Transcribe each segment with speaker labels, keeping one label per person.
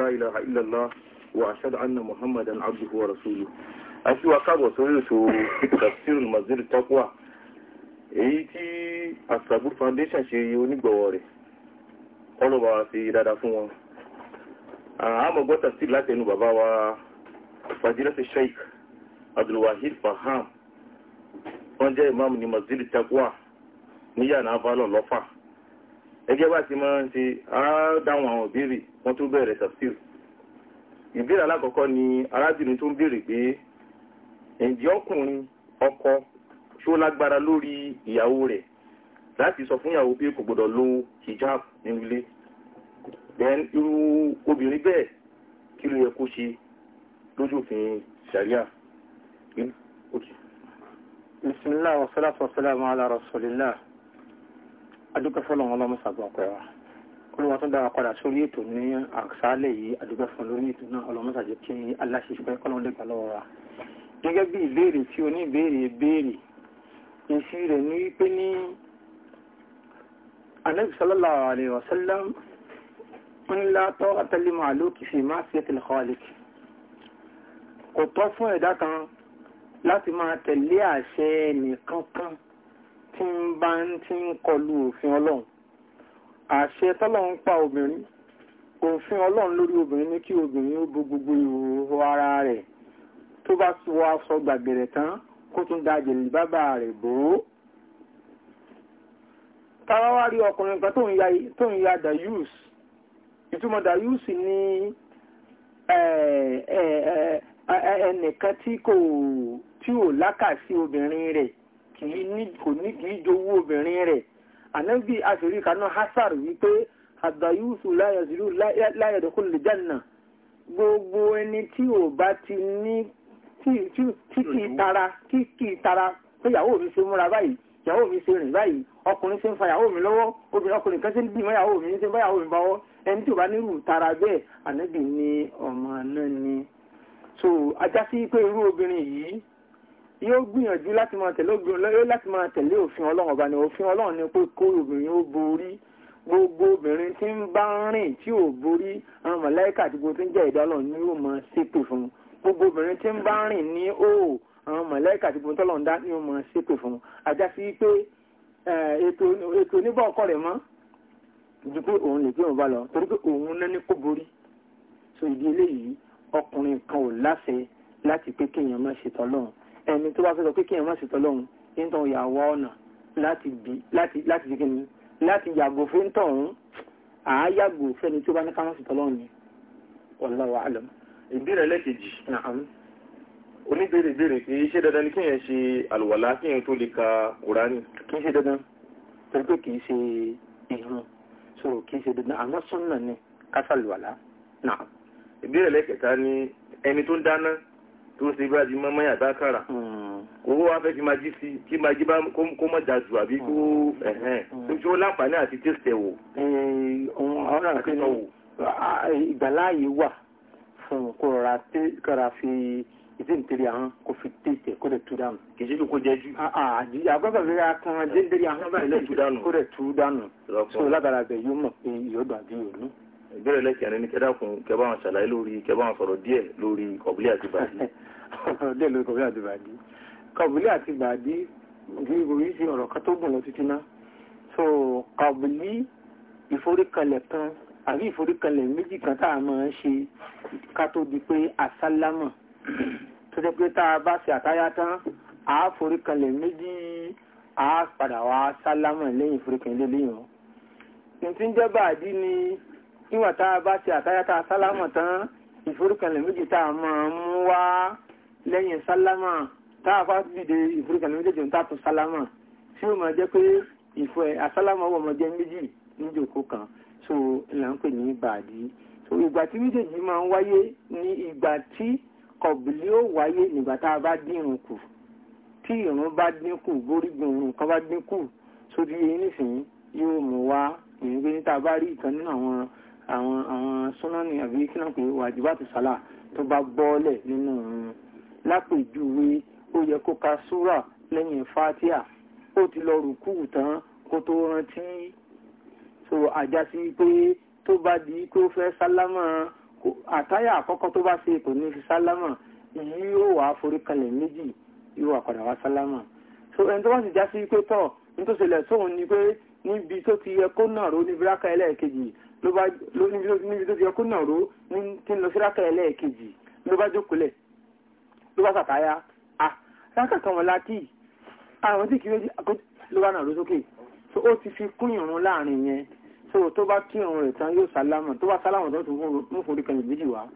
Speaker 1: لا إله إلا الله وأشهد أن محمدا عبده ورسوله أشوى كابو سويته تفسير المزيد التقوى èyí tí asabur foundation ṣe onígbọ̀wọ́ rẹ̀ ọlọ́wà ṣe dáadáa fún wọn àmọ́ gbọ́ tafsir láti ẹnu bàbá wa fadilati sheikh abdulwahid faham wọ́n jẹ́ imam ní masjid takwa ní yàrá avalon lọ́fà ẹjẹ́ bá ti máa ń ṣe àádáhùn àwọn ìbéèrè wọ́n tó bẹ̀rẹ̀ sàfíù ìbéèrè alákọ̀ọ́kọ́ ni arábìnrin tó ń béèrè pé ǹjẹ́ ọkùnrin ọkọ ṣó lágbára lórí ìyàwó rẹ̀ láti sọ fún ìyàwó pé kò gbọdọ̀ lo hijab nínú ilé then irú obìnrin bẹ́ẹ̀ kí ló yẹ kó ṣe lójú òfin sharia. bisimilahi wa salatu wa salamu ala rasulillah adúpẹ́ fọ́lọ́run ọlọ́run sàgbọ́n pẹ́ wa olúwa tó dára padà sórí ètò ní àṣálẹ̀ yìí adúpẹ́ fún lórí ètò náà ọlọ́run sàjẹ́ kí aláṣẹ́fẹ́ ọlọ́run lè gbà lọ́wọ́ wa gẹ́gẹ́ bí ìbéèrè tí oníbéèrè béèrè èsì rẹ̀ ní wípé ní anabi sallallahu alayhi wa sallam ń la tọ́ àtàlímọ̀ àlókì fi máa fi ẹ̀tẹ̀lẹ̀ kọ́ọ̀lẹ̀kì kò tọ́ fún ẹ̀dá kan láti máa tẹ̀lé àṣẹ nìkan kan tí ń bá ń tí ń kọlu òfin ọlọ́run àṣẹ tọ́lọ́run pa obìnrin òfin ọlọ́run lórí obìnrin ní kí obìnrin ó bo gbogbo ìhòòhò ara rẹ̀ tó bá ti wọ aṣọ gbàgbẹ̀rẹ̀ tán kó tún da jẹ̀lì bábà rẹ̀ bò ó táwa wá rí ọkùnrin kan tó ń ya dayus ìtumọ̀ dayus ní ẹnìkan tí kò tí ò lákàsí obìnrin rẹ̀ kì í ní kò ní kì í jowó obìnrin rẹ̀ ànábì àṣeríkanú hasar wípé àgbáyúsù láyẹ̀dẹ̀kùn lè jẹ́nà gbogbo ẹni tí ò bá ti ní tí kì í tara tí kì í tara pé ìyàwó mi ṣe múra báyìí ìyàwó mi ṣe rìn báyìí ọkùnrin ṣe ń fa ìyàwó mi lọ́wọ́ obìnrin ọkùnrin kan ṣe ń bímọ ìyàwó mi ṣe ń bá ìyàwó mi báwọ́ ẹni tí ò bá nírú tara bẹ́ẹ̀ ànábì ni ọmọ náà ni so ajá sí pé irú obìnrin yìí yóò gbìyànjú láti máa tẹ̀lé láti máa tẹ̀lé òfin ọlọ́run ọba ni òfin ọlọ́run ni pé kó obìnrin ó borí gbogbo obìnrin tí ń bá rìn tí ò borí àwọn mọ̀láìkà àti gbogbo tí ń jẹ́ ìdá ọlọ́run ni yóò máa ṣépè fún gbogbo obìnrin tí ń bá rìn ní òò àwọn mọ̀láìkà àti gbogbo tọ́lọ́run dá ni yóò máa ṣépè fún ajá sí pé ètò oníbọ̀ ọkọ rẹ̀ mọ́ ju pé òun lè gbé òun bá lọ torí pé òun náà ní kó borí so ìdí eléyìí ọkùnrin kan ò ẹni tó bá fẹ́ sọ pé kí ẹ̀ má ṣètò ọlọ́run nítorí ìyàwó ọ̀nà láti ṣe kíni láti yàgò fún tọ̀hún àáyàgò fẹ́ni tó bá ní ká má ṣètò ọlọ́run ni wallahu a'lam. ìbéèrè lẹ́kejì oníbèrè béèrè pé ṣé dandan ni kéèyàn ṣe àlùwàlá kéèyàn tó lè ka kùránì. kì í ṣe dandan torí pé kì í ṣe ìhun so kì í ṣe dandan àmọ́ sunna ni ká ṣàlùwàlá náà. ìbéèrè lẹ́kẹta ni ẹni tó ń dáná tó ń ṣe bí àti mọ́mọ́ yàtá kára hmm. owó wa fẹ́ fi máa jí sí kí máa jí bá kó mọ̀ já jù àbí kó hmm. ẹ̀hẹ́n hmm. tó ṣe ó láǹfààní àti tẹ́sítẹ̀ wò. ọ̀rọ̀ àti ìgbàláàyè wà fún kó rọra fi ìdí ìtẹ̀lẹ̀ àwọn kò fi tẹ́sítẹ̀ kó lè tú dànù. kì í ṣe kó jẹ́ jù. àgbàgbà fẹ́ kan dé ìtẹ̀lẹ̀ àwọn kó lè tú dànù. kó lè tú dànù. so lábàrà bẹ̀ yóò mọ̀ pé ìyọ́dọ̀ àbí yòó ìbéèrè lẹ́kẹ̀rin ní kẹ́dàkùn kẹ́bá wọn ṣàlàyé lórí kẹ́bá wọn sọ̀rọ̀ díẹ̀ lórí kọ̀bùlé àti bàdí. díẹ̀ lórí kọ̀bùlé àti bàdí kọ̀bùlé àti bàdí oríṣi ọ̀rọ̀ kan tó gùn lọ títí ná so kọ̀bùlé ìforíkalẹ̀ kan àbí ìforíkalẹ̀ méjì kan tá a máa ń ṣe ká tó di pé àsálámà tó jẹ́ pé tá a bá ṣe àtáyá tán a foríkalẹ̀ méjì a padà wá sálámà lẹ́yìn ìforíkalẹ̀ lẹ́yìn ọ̀ nígbà tá a bá ṣe àtáyátá sálámà tán ìforúkànlẹ̀ méjì tá a máa mú wá lẹ́yìn sálámà tá a bá dìde ìforúkànlẹ̀ méjèèjì tá a tún sálámà tí ó máa jẹ́ pé ìfọ̀ àsálámà wọ̀ máa méjì níjòkó kan so là ń pè ní bàdí so ìgbà tí méjèèjì máa ń wáyé ní ìgbà tí kọ̀bìlì ó wáyé nígbà tá a bá dírun kù tí ìrun bá dínkù gbórígun ìrun kan bá dínkù sórí eyín nísìnyí yóò mú wá ìrìn pé níta bá rí ìkan nínú àwọn àwọn àwọn súnáni àbí kí náà pé wàjúbà tó sálà tó bá bọ́ọ̀lẹ̀ nínú òun lápèjúwe ó yẹ kó ka súrà lẹ́yìn fatia ó ti lọ rùkú tán kó tó rántí so àjásí pé tó bá di pé ó fẹ́ sálámà àtáyà àkọ́kọ́ tó bá ṣe kò ní fi sálámà èyí yóò wá foríkalẹ̀ méjì yóò wá padà wá sálámà so ẹni tó wá sì já sí pé tọ̀ ní tó ni pé níbi tó ti yẹ kó náà ró ní bíráka ẹlẹ́ẹ̀kejì ló bá níbi tó ti yẹ kó nà ró ní tí ń lọ sí rákà ẹlẹ́ẹ̀kejì ló bá jókòólẹ̀ ló bá sàtáyà ah rákà kan wọn láti àwọn tí kìí ló bá nà ró sókè so ó ti fi kún ìrún láàrin yẹn so tó bá kí ìrún rẹ̀ tán yóò sálámà tó bá sálámà tó tún mú forí kan méjì wá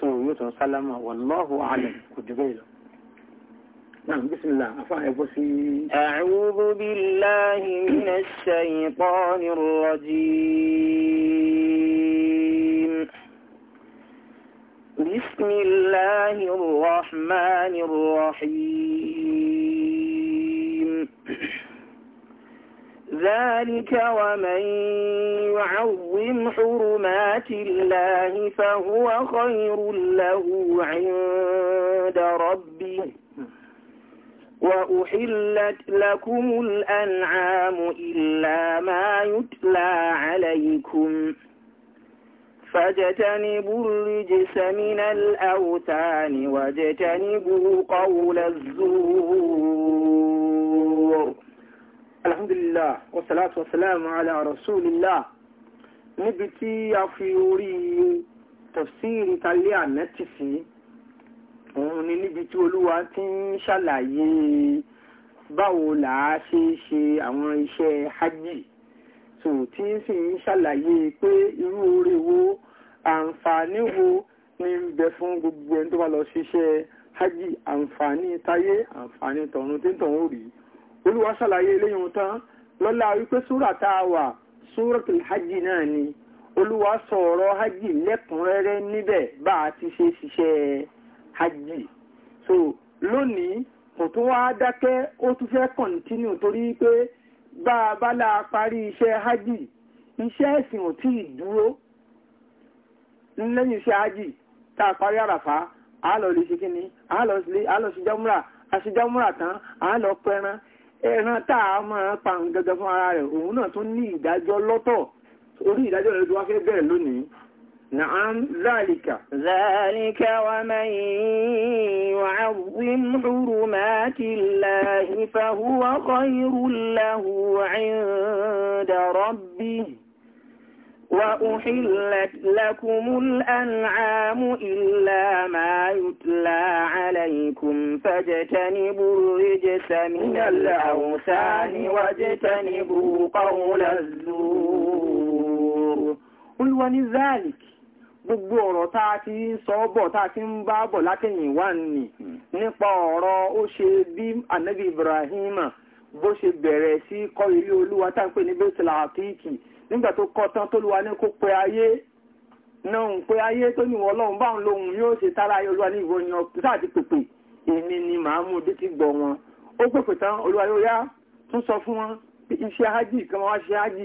Speaker 1: so yóò tún sálámà wallahu alam kò jù bẹ́ẹ̀ lọ. نعم بسم الله أفاعي فرسي أعوذ بالله من الشيطان الرجيم بسم الله الرحمن الرحيم ذلك ومن يعظم حرمات الله فهو خير له عند ربه وأحلت لكم الأنعام إلا ما يتلى عليكم فاجتنبوا الرجس من الأوثان واجتنبوا قول الزور الحمد لله والصلاة والسلام على رسول الله نبتي في تفسير تليع نتفي òun ni níbi tí olúwa ti ń ṣàlàyé báwo là á ṣe ń ṣe àwọn iṣẹ́ hajj so tí ń sì ń ṣàlàyé pé irú oore wo àǹfààní wo ní ń bẹ fún gbogbo ẹni tó bá lọ ṣiṣẹ́ hajj àǹfààní táyé àǹfààní tọ̀run tí ń tọ̀run ò rí olúwa ṣàlàyé eléyìí tán lọ́la wípé súrà tá a wà súratul hajj náà ni olúwa sọ̀rọ̀ hajj lẹ́kùnrẹ́rẹ́ níbẹ̀ bá a ti ṣe ṣiṣẹ́ hajj so lónìí kò tún wá dákẹ́ ó tún fẹ́ kọ̀ǹtínú torí pé bá a bá la parí iṣẹ́ hajj iṣẹ́ ẹ̀sìn ò tí ì dúró lẹ́yìn iṣẹ́ hajj tá a parí àràfá a lọ lè ṣe kíni a lọ sí jámúrà a sì jámúrà tán a lọ pẹran ẹran tá a máa pa nǹkan gẹ́gẹ́ fún ara rẹ̀ òun náà tún ní ìdájọ́ lọ́tọ̀ orí ìdájọ́ rẹ̀ tó wá fẹ́ bẹ̀rẹ̀ lónìí نعم ذلك ذلك ومن يعظم حرمات الله فهو خير له عند ربه وأحلت لكم الأنعام إلا ما يتلى عليكم فاجتنبوا الرجس من الأوثان واجتنبوا قول الزور قل ولذلك gbogbo ọ̀rọ̀ tá a ti ń sọ bọ̀ tá a ti ń bá bọ̀ látẹ̀yìn wá nì nípa ọ̀rọ̀ ó ṣe bí anabi ibrahim bó ṣe bẹ̀rẹ̀ sí kọ́ ilé olúwa tá à pè ní bẹ́tẹ̀lá àkíkì nígbà tó kọ́ tán tó luwa ní kó pe ayé náà ń pe ayé tó ní ọlọ́run báwọn lòun yóò ṣe tára ayé olúwa ní ìwọ ni sáà ti pèpè èmi ni màá mú dé ti gbọ̀ wọn ó pèpè tán olúwa yóò yá tún sọ fún wọn iṣẹ́ hajj kan wá ṣe hajj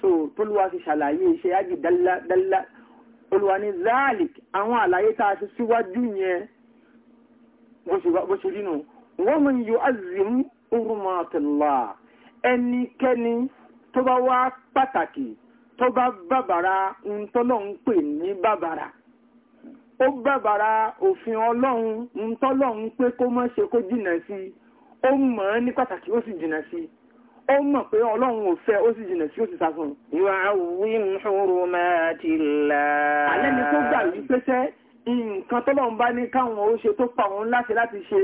Speaker 1: tó tó luwa ti ṣàlàyé iṣẹ́ hajj dálá dálá olùwà ní zaalik àwọn àlàyé tá a ti síwájú yẹn bó ṣe rínú wọ́n mú yóò azim urumatula ẹnikẹ́ni tó bá wá pàtàkì tó bá bàbàrà ń tọ́lọ́ ń pè ní bàbàrà ó bàbàrà òfin ọlọ́run ń ń pé kó má ṣe kó jìnà sí ó mọ̀ ọ́ ní pàtàkì ó sì jìnà sí i ó mọ̀ pé ọlọ́run ò fẹ́ ó sì jìnà sí òsì sásán. yóò àwìn hurumatillah. alẹ́ ni tó gbà wípé sẹ́ nǹkan tọ́lọ́run bá ní káwọn ó ṣe tó pa òun láṣẹ láti ṣe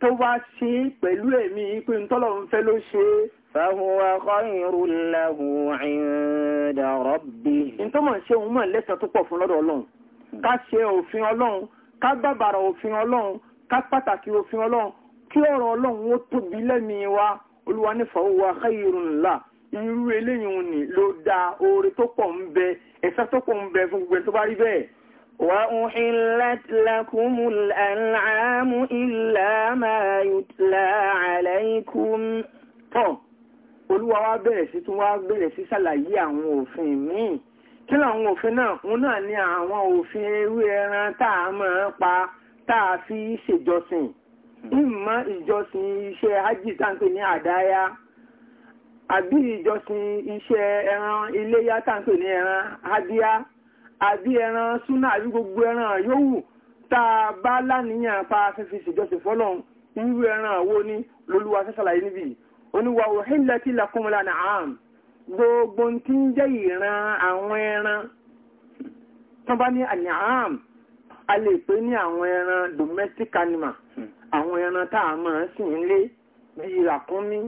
Speaker 1: tó wá ṣe pẹ̀lú ẹ̀mí pé ntọ́lọ́run fẹ́ ló ṣe é. fahuwa khayrun lahu inda rabbih. ntọ́mọ̀ ṣe òun mọ̀ lẹ́sàn tó pọ̀ fún lọ́dọ̀ ọlọ́run ká ṣe òfin ọlọ́run ká bàbàrà òfin ọlọ́run ká pàtàkì òfin ọlọ́run kí ọ̀rọ̀ ọlọ́run ó tóbi lẹ́mìí wa olúwa ní fàwọ́wà khayrun la irú eléyìí ni ló da oore tó pọ̀ ń bẹ ẹ̀san tó pọ̀ ń bẹ fún gbogbo ẹ̀ tó bá rí bẹ́ẹ̀. wa uhillat lakumul an'amu illa ma yutla alaykum. tọ́ olúwa wa bẹ̀rẹ̀ sí tún wá bẹ̀rẹ̀ sí ṣàlàyé àwọn òfin míì kí làwọn òfin náà òun náà ní àwọn òfin ewé ẹran tá a máa pa tá a fi ṣèjọsìn ìmọ̀ hmm, ìjọsìn iṣẹ́ hajj tàǹpé ní àdáyá àbí ìjọsìn iṣẹ́ ẹran iléyá tàǹpé ní ẹran adíá àbí ẹran súnà àbí gbogbo ẹran yòówù tá a bá láníyàn pa fífi ṣèjọsìn fọ́lọ́run irú ẹran wo ni lolúwa sẹ́sàlàyé níbí oníwà òhìnlẹ̀ tí lakumula na am gbogbo tí ń jẹ́ ìran àwọn ẹran tán bá ní àníàm a lè pè ní àwọn ẹran domestic animal hmm. àwọn ẹran tá a máa sìn nílé bíi ràkúnmí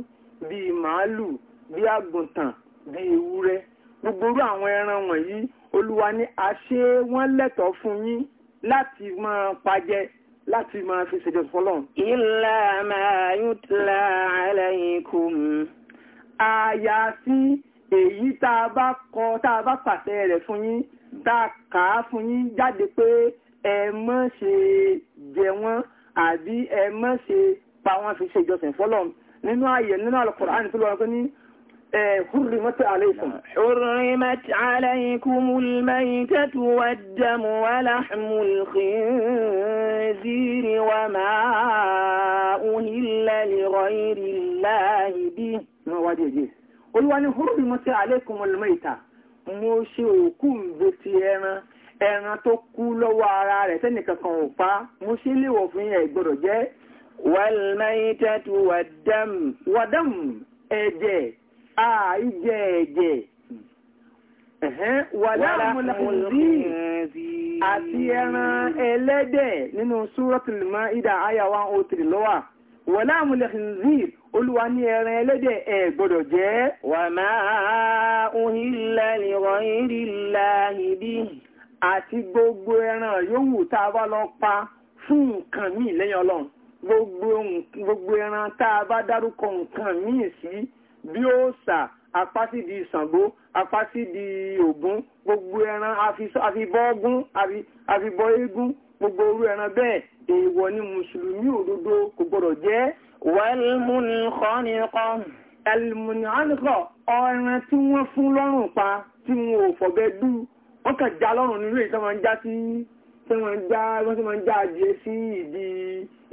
Speaker 1: bíi màálù bíi àgùntàn bíi ewúrẹ́ gbogbo irú àwọn ẹran wọ̀nyí olúwa ní àṣé wọ́n lẹ́tọ̀ọ́ fún yín láti máa pajẹ láti máa fi ṣèjọ fọlọ́n. illa ma yutla alaykum. àyàfi èyí tá a bá kọ tá a bá pàṣẹ rẹ̀ fún yín tá a kà á fún yín jáde pé ẹ má ṣe jẹ wọ́n àbí ẹ má ṣe pa wọ́n fi ṣe ìjọsìn fọ́lọ́run nínú ààyè nínú Al-Qur'an tó lọ́wọ́ pé ní حرمت عليكم حرمت عليكم الميتة والدم ولحم الخنزير وما أهل لغير الله به قل وأن حرمت عليكم الميتة mo ṣe òkú ìgbésí ẹran ẹran tó kú lọ́wọ́ ara rẹ̀ tẹ́nìkankan ò pa mo ṣe léwọ̀ fún ẹ̀ gbọ́dọ̀ jẹ́ wàlmáyítàtù wàdámù ẹ̀jẹ̀ àìjẹ̀ ẹ̀jẹ̀ wàdámù làkùnzí àti ẹran ẹlẹ́dẹ̀ nínú súratul Maida àyà 103 lọ́wà wàlámù làkùnzí olúwa ní ẹran ẹlẹ́dẹ̀ ẹ gbọ́dọ̀ jẹ́ wà máa ń hìlẹ̀ li ghayri llahi àti gbogbo ẹran yòówù tá a bá lọ pa fún nǹkan míì lẹ́yìn ọlọ́run gbogbo ẹran tá a bá dárúkọ nǹkan míì sí bí òòṣà apásí di Ṣàngó apásí di Ògún gbogbo ẹran àfibọ́ ọgún gbogbo orú ẹran bẹ́ẹ̀ èèwọ̀ ni mùsùlùmí òdodo kò gbọdọ̀ jẹ. wẹ́lmùnìkọ́nìkọ́. ẹlmùnìkọ́ ọ̀ràn tí wọ́n fún lọ́rùn pa tí wọn ò fọ̀bẹ dùn wọ́n kàn já lọ́rùn nínú èyí tó máa ń já sí tó máa ń já wọ́n tó máa ń já adìẹ sí ìdí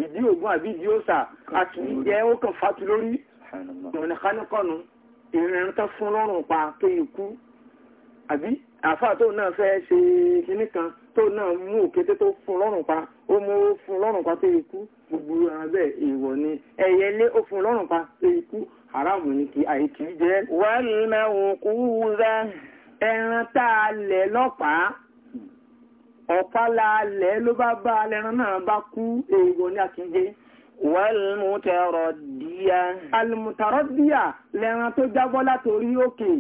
Speaker 1: ìdí ògùn àbí ìdí òòṣà àti ìjẹ́ ó kàn fatu lórí ọ̀nà kánikọ́nu ìrìn tó fún lọ́rùn pa tó yẹ kú àbí àfa tó náà fẹ́ ṣe kinní kan tó náà mú òkété tó fún lọ́rùn pa ó mú ó fún lọ́rùn pa tó yẹ kú gbogbo ara bẹ́ẹ̀ èèwọ̀ ni ẹ̀yẹlé ó fún lọ́rùn pa tó yẹ kú haramu ni kì í àìkì jẹ́. wàá ẹran tá a lẹ̀ lọ́pàá ọ̀pá la lẹ̀ ló bá bá lẹ́ran náà bá kú èèwọ̀ ní àkíńjẹ́ wàlmùtàrọ̀díyà almùtàrọ̀díyà lẹ́ran tó jábọ́ látorí òkè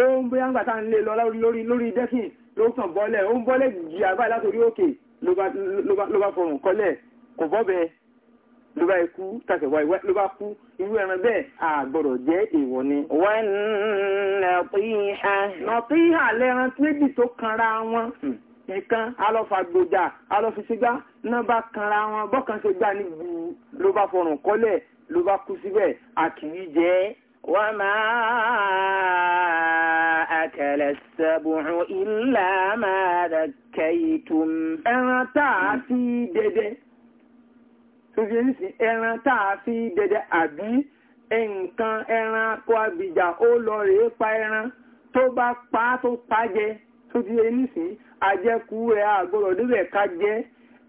Speaker 1: ó ń bóyá ń gbà tá ń lè lọ lórí lórí dẹ́kìn ló sàn bọ́lẹ̀ ó ń bọ́lẹ̀ jìyà báyìí látorí òkè ló bá fọrùn kọlẹ̀ kò bọ́ bẹ́ẹ̀ ló bá ikú tàṣẹ wá ìwá ló bá kú irú ẹran bẹ́ẹ̀ àgbọ̀rọ̀ jẹ́ èèwọ̀ ni. wọ́n nà píhà. nà píhà lẹ́ran méjì tó kanra wọn hmm. ìkan alọ́fàgbòjà alọ́fiṣígbá náà bá kanra wọn bọ́kàn ṣe gbá ní gbù ló bá fọrùn kọ́lẹ̀ ló bá kú síbẹ̀ àkìrí jẹ́ wọ́n máa akẹlẹ sẹ́bùrún ìlà máa dàkẹ́ ìtum. ẹran tá a ti dẹdẹ sófin ẹ̀sìn ẹran tá a fi dẹdẹ àbí nǹkan ẹran akọ àbìjà ó lọ rèé pa ẹran tó bá pa á tó pa jẹ sófin ẹ̀sìn àjẹkù rẹ̀ àgbọ̀rọ̀ débẹ̀ ká jẹ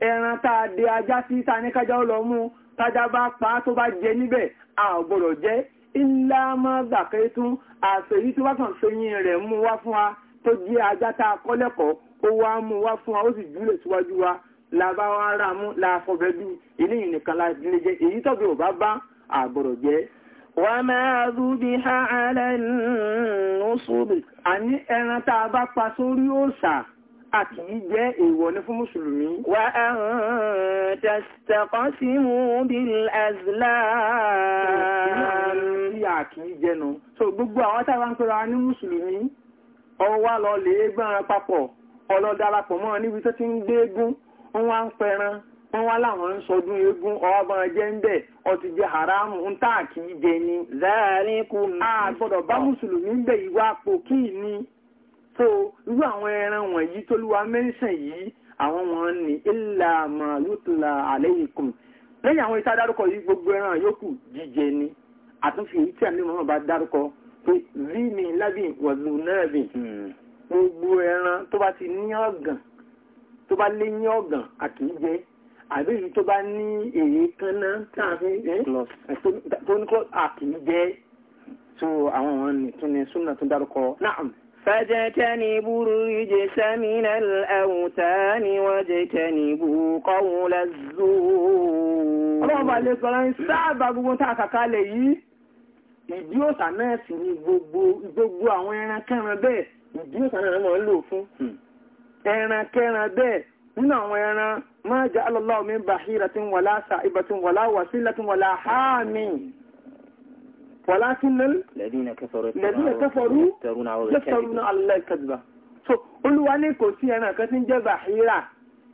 Speaker 1: ẹran tá a dé ajá sí tá a ní kájá ó lọ mú tájá bá pa á tó bá jẹ níbẹ̀ àgbọ̀rọ̀ jẹ ilá máa gbàkẹ́ tún àfẹ́yí tó bá kàn fẹ́yìn rẹ̀ mú wá fún wa tó jẹ́ ajá tá a kọ́ lẹ́kọ̀ọ́ ó wá mú wá fún wa ó sì júlẹ̀ síwájú wa làbá wa rà mú láàfọ́fẹ́dú ilé ìnìkan láti lè jẹ èyí tọ́bí ò bá bá àgbọ̀rọ̀ jẹ́ وما ذبح على النصب àní ẹran tá a bá pa sórí òòṣà àti jẹ́ èèwọ̀ ni fún mùsùlùmí wa an tastaqsimu bil azlam tí a kì í jẹnu so gbogbo àwọn tàbá ń pẹ́ra ní mùsùlùmí ọwọ́ wá lọ lè gbọ́nra papọ̀ ọlọ́darapọ̀ mọ́ níbi wọ́n wá ń pẹran wọ́n wá láwọn ń sọdún eégún ọgbọ́n jẹ́ ń bẹ̀ ọtí jẹ́ haramu ń tà kí í jẹ ni. zaalikum. a gbọ́dọ̀ bá mùsùlùmí ń bẹ̀ ìwà àpò kí ni. so irú àwọn ẹran wọ̀nyí tólúwa mẹ́sàn yìí àwọn wọn ni illa ma yutla alaykum lẹ́yìn àwọn iṣẹ́ adárúkọ yìí gbogbo ẹran yòókù jíjẹ ni àtúnfi èyí tí àmì mọ́mọ́ bá dárúkọ pé rí mi lábì wọ̀lú náà gbogbo ẹran tó bá ti ní ọ̀gàn tó bá lé ní ọ̀gàn a kì í jẹ àbí èyí tó bá ní èrè kanna tààfin tó ní kọ́ a kì í jẹ so àwọn wọn ni súnà tó dárúkọ náà. فاجتنبوا الرجس من الأوثان واجتنبوا قول الزور ọlọ́run bá lè sọ́rọ̀ ń sáàbà gbogbo tá a kàkà lè yìí ìdí òsà náà sì ni gbogbo àwọn ẹran kẹrin bẹ́ẹ̀ ìdí òsà náà mọ̀ ń lò fún hmm. ẹran kẹran bẹ́ẹ̀ nínú àwọn ẹran ma ja'ala Allahu min bahiratin wala sa'ibatin wala wasilatin wala hamin walakinnal ladina kafaru yaftaruna 'ala Allahi kadhiba so olúwa ní kò sí ẹran kan tí ń jẹ́ bahira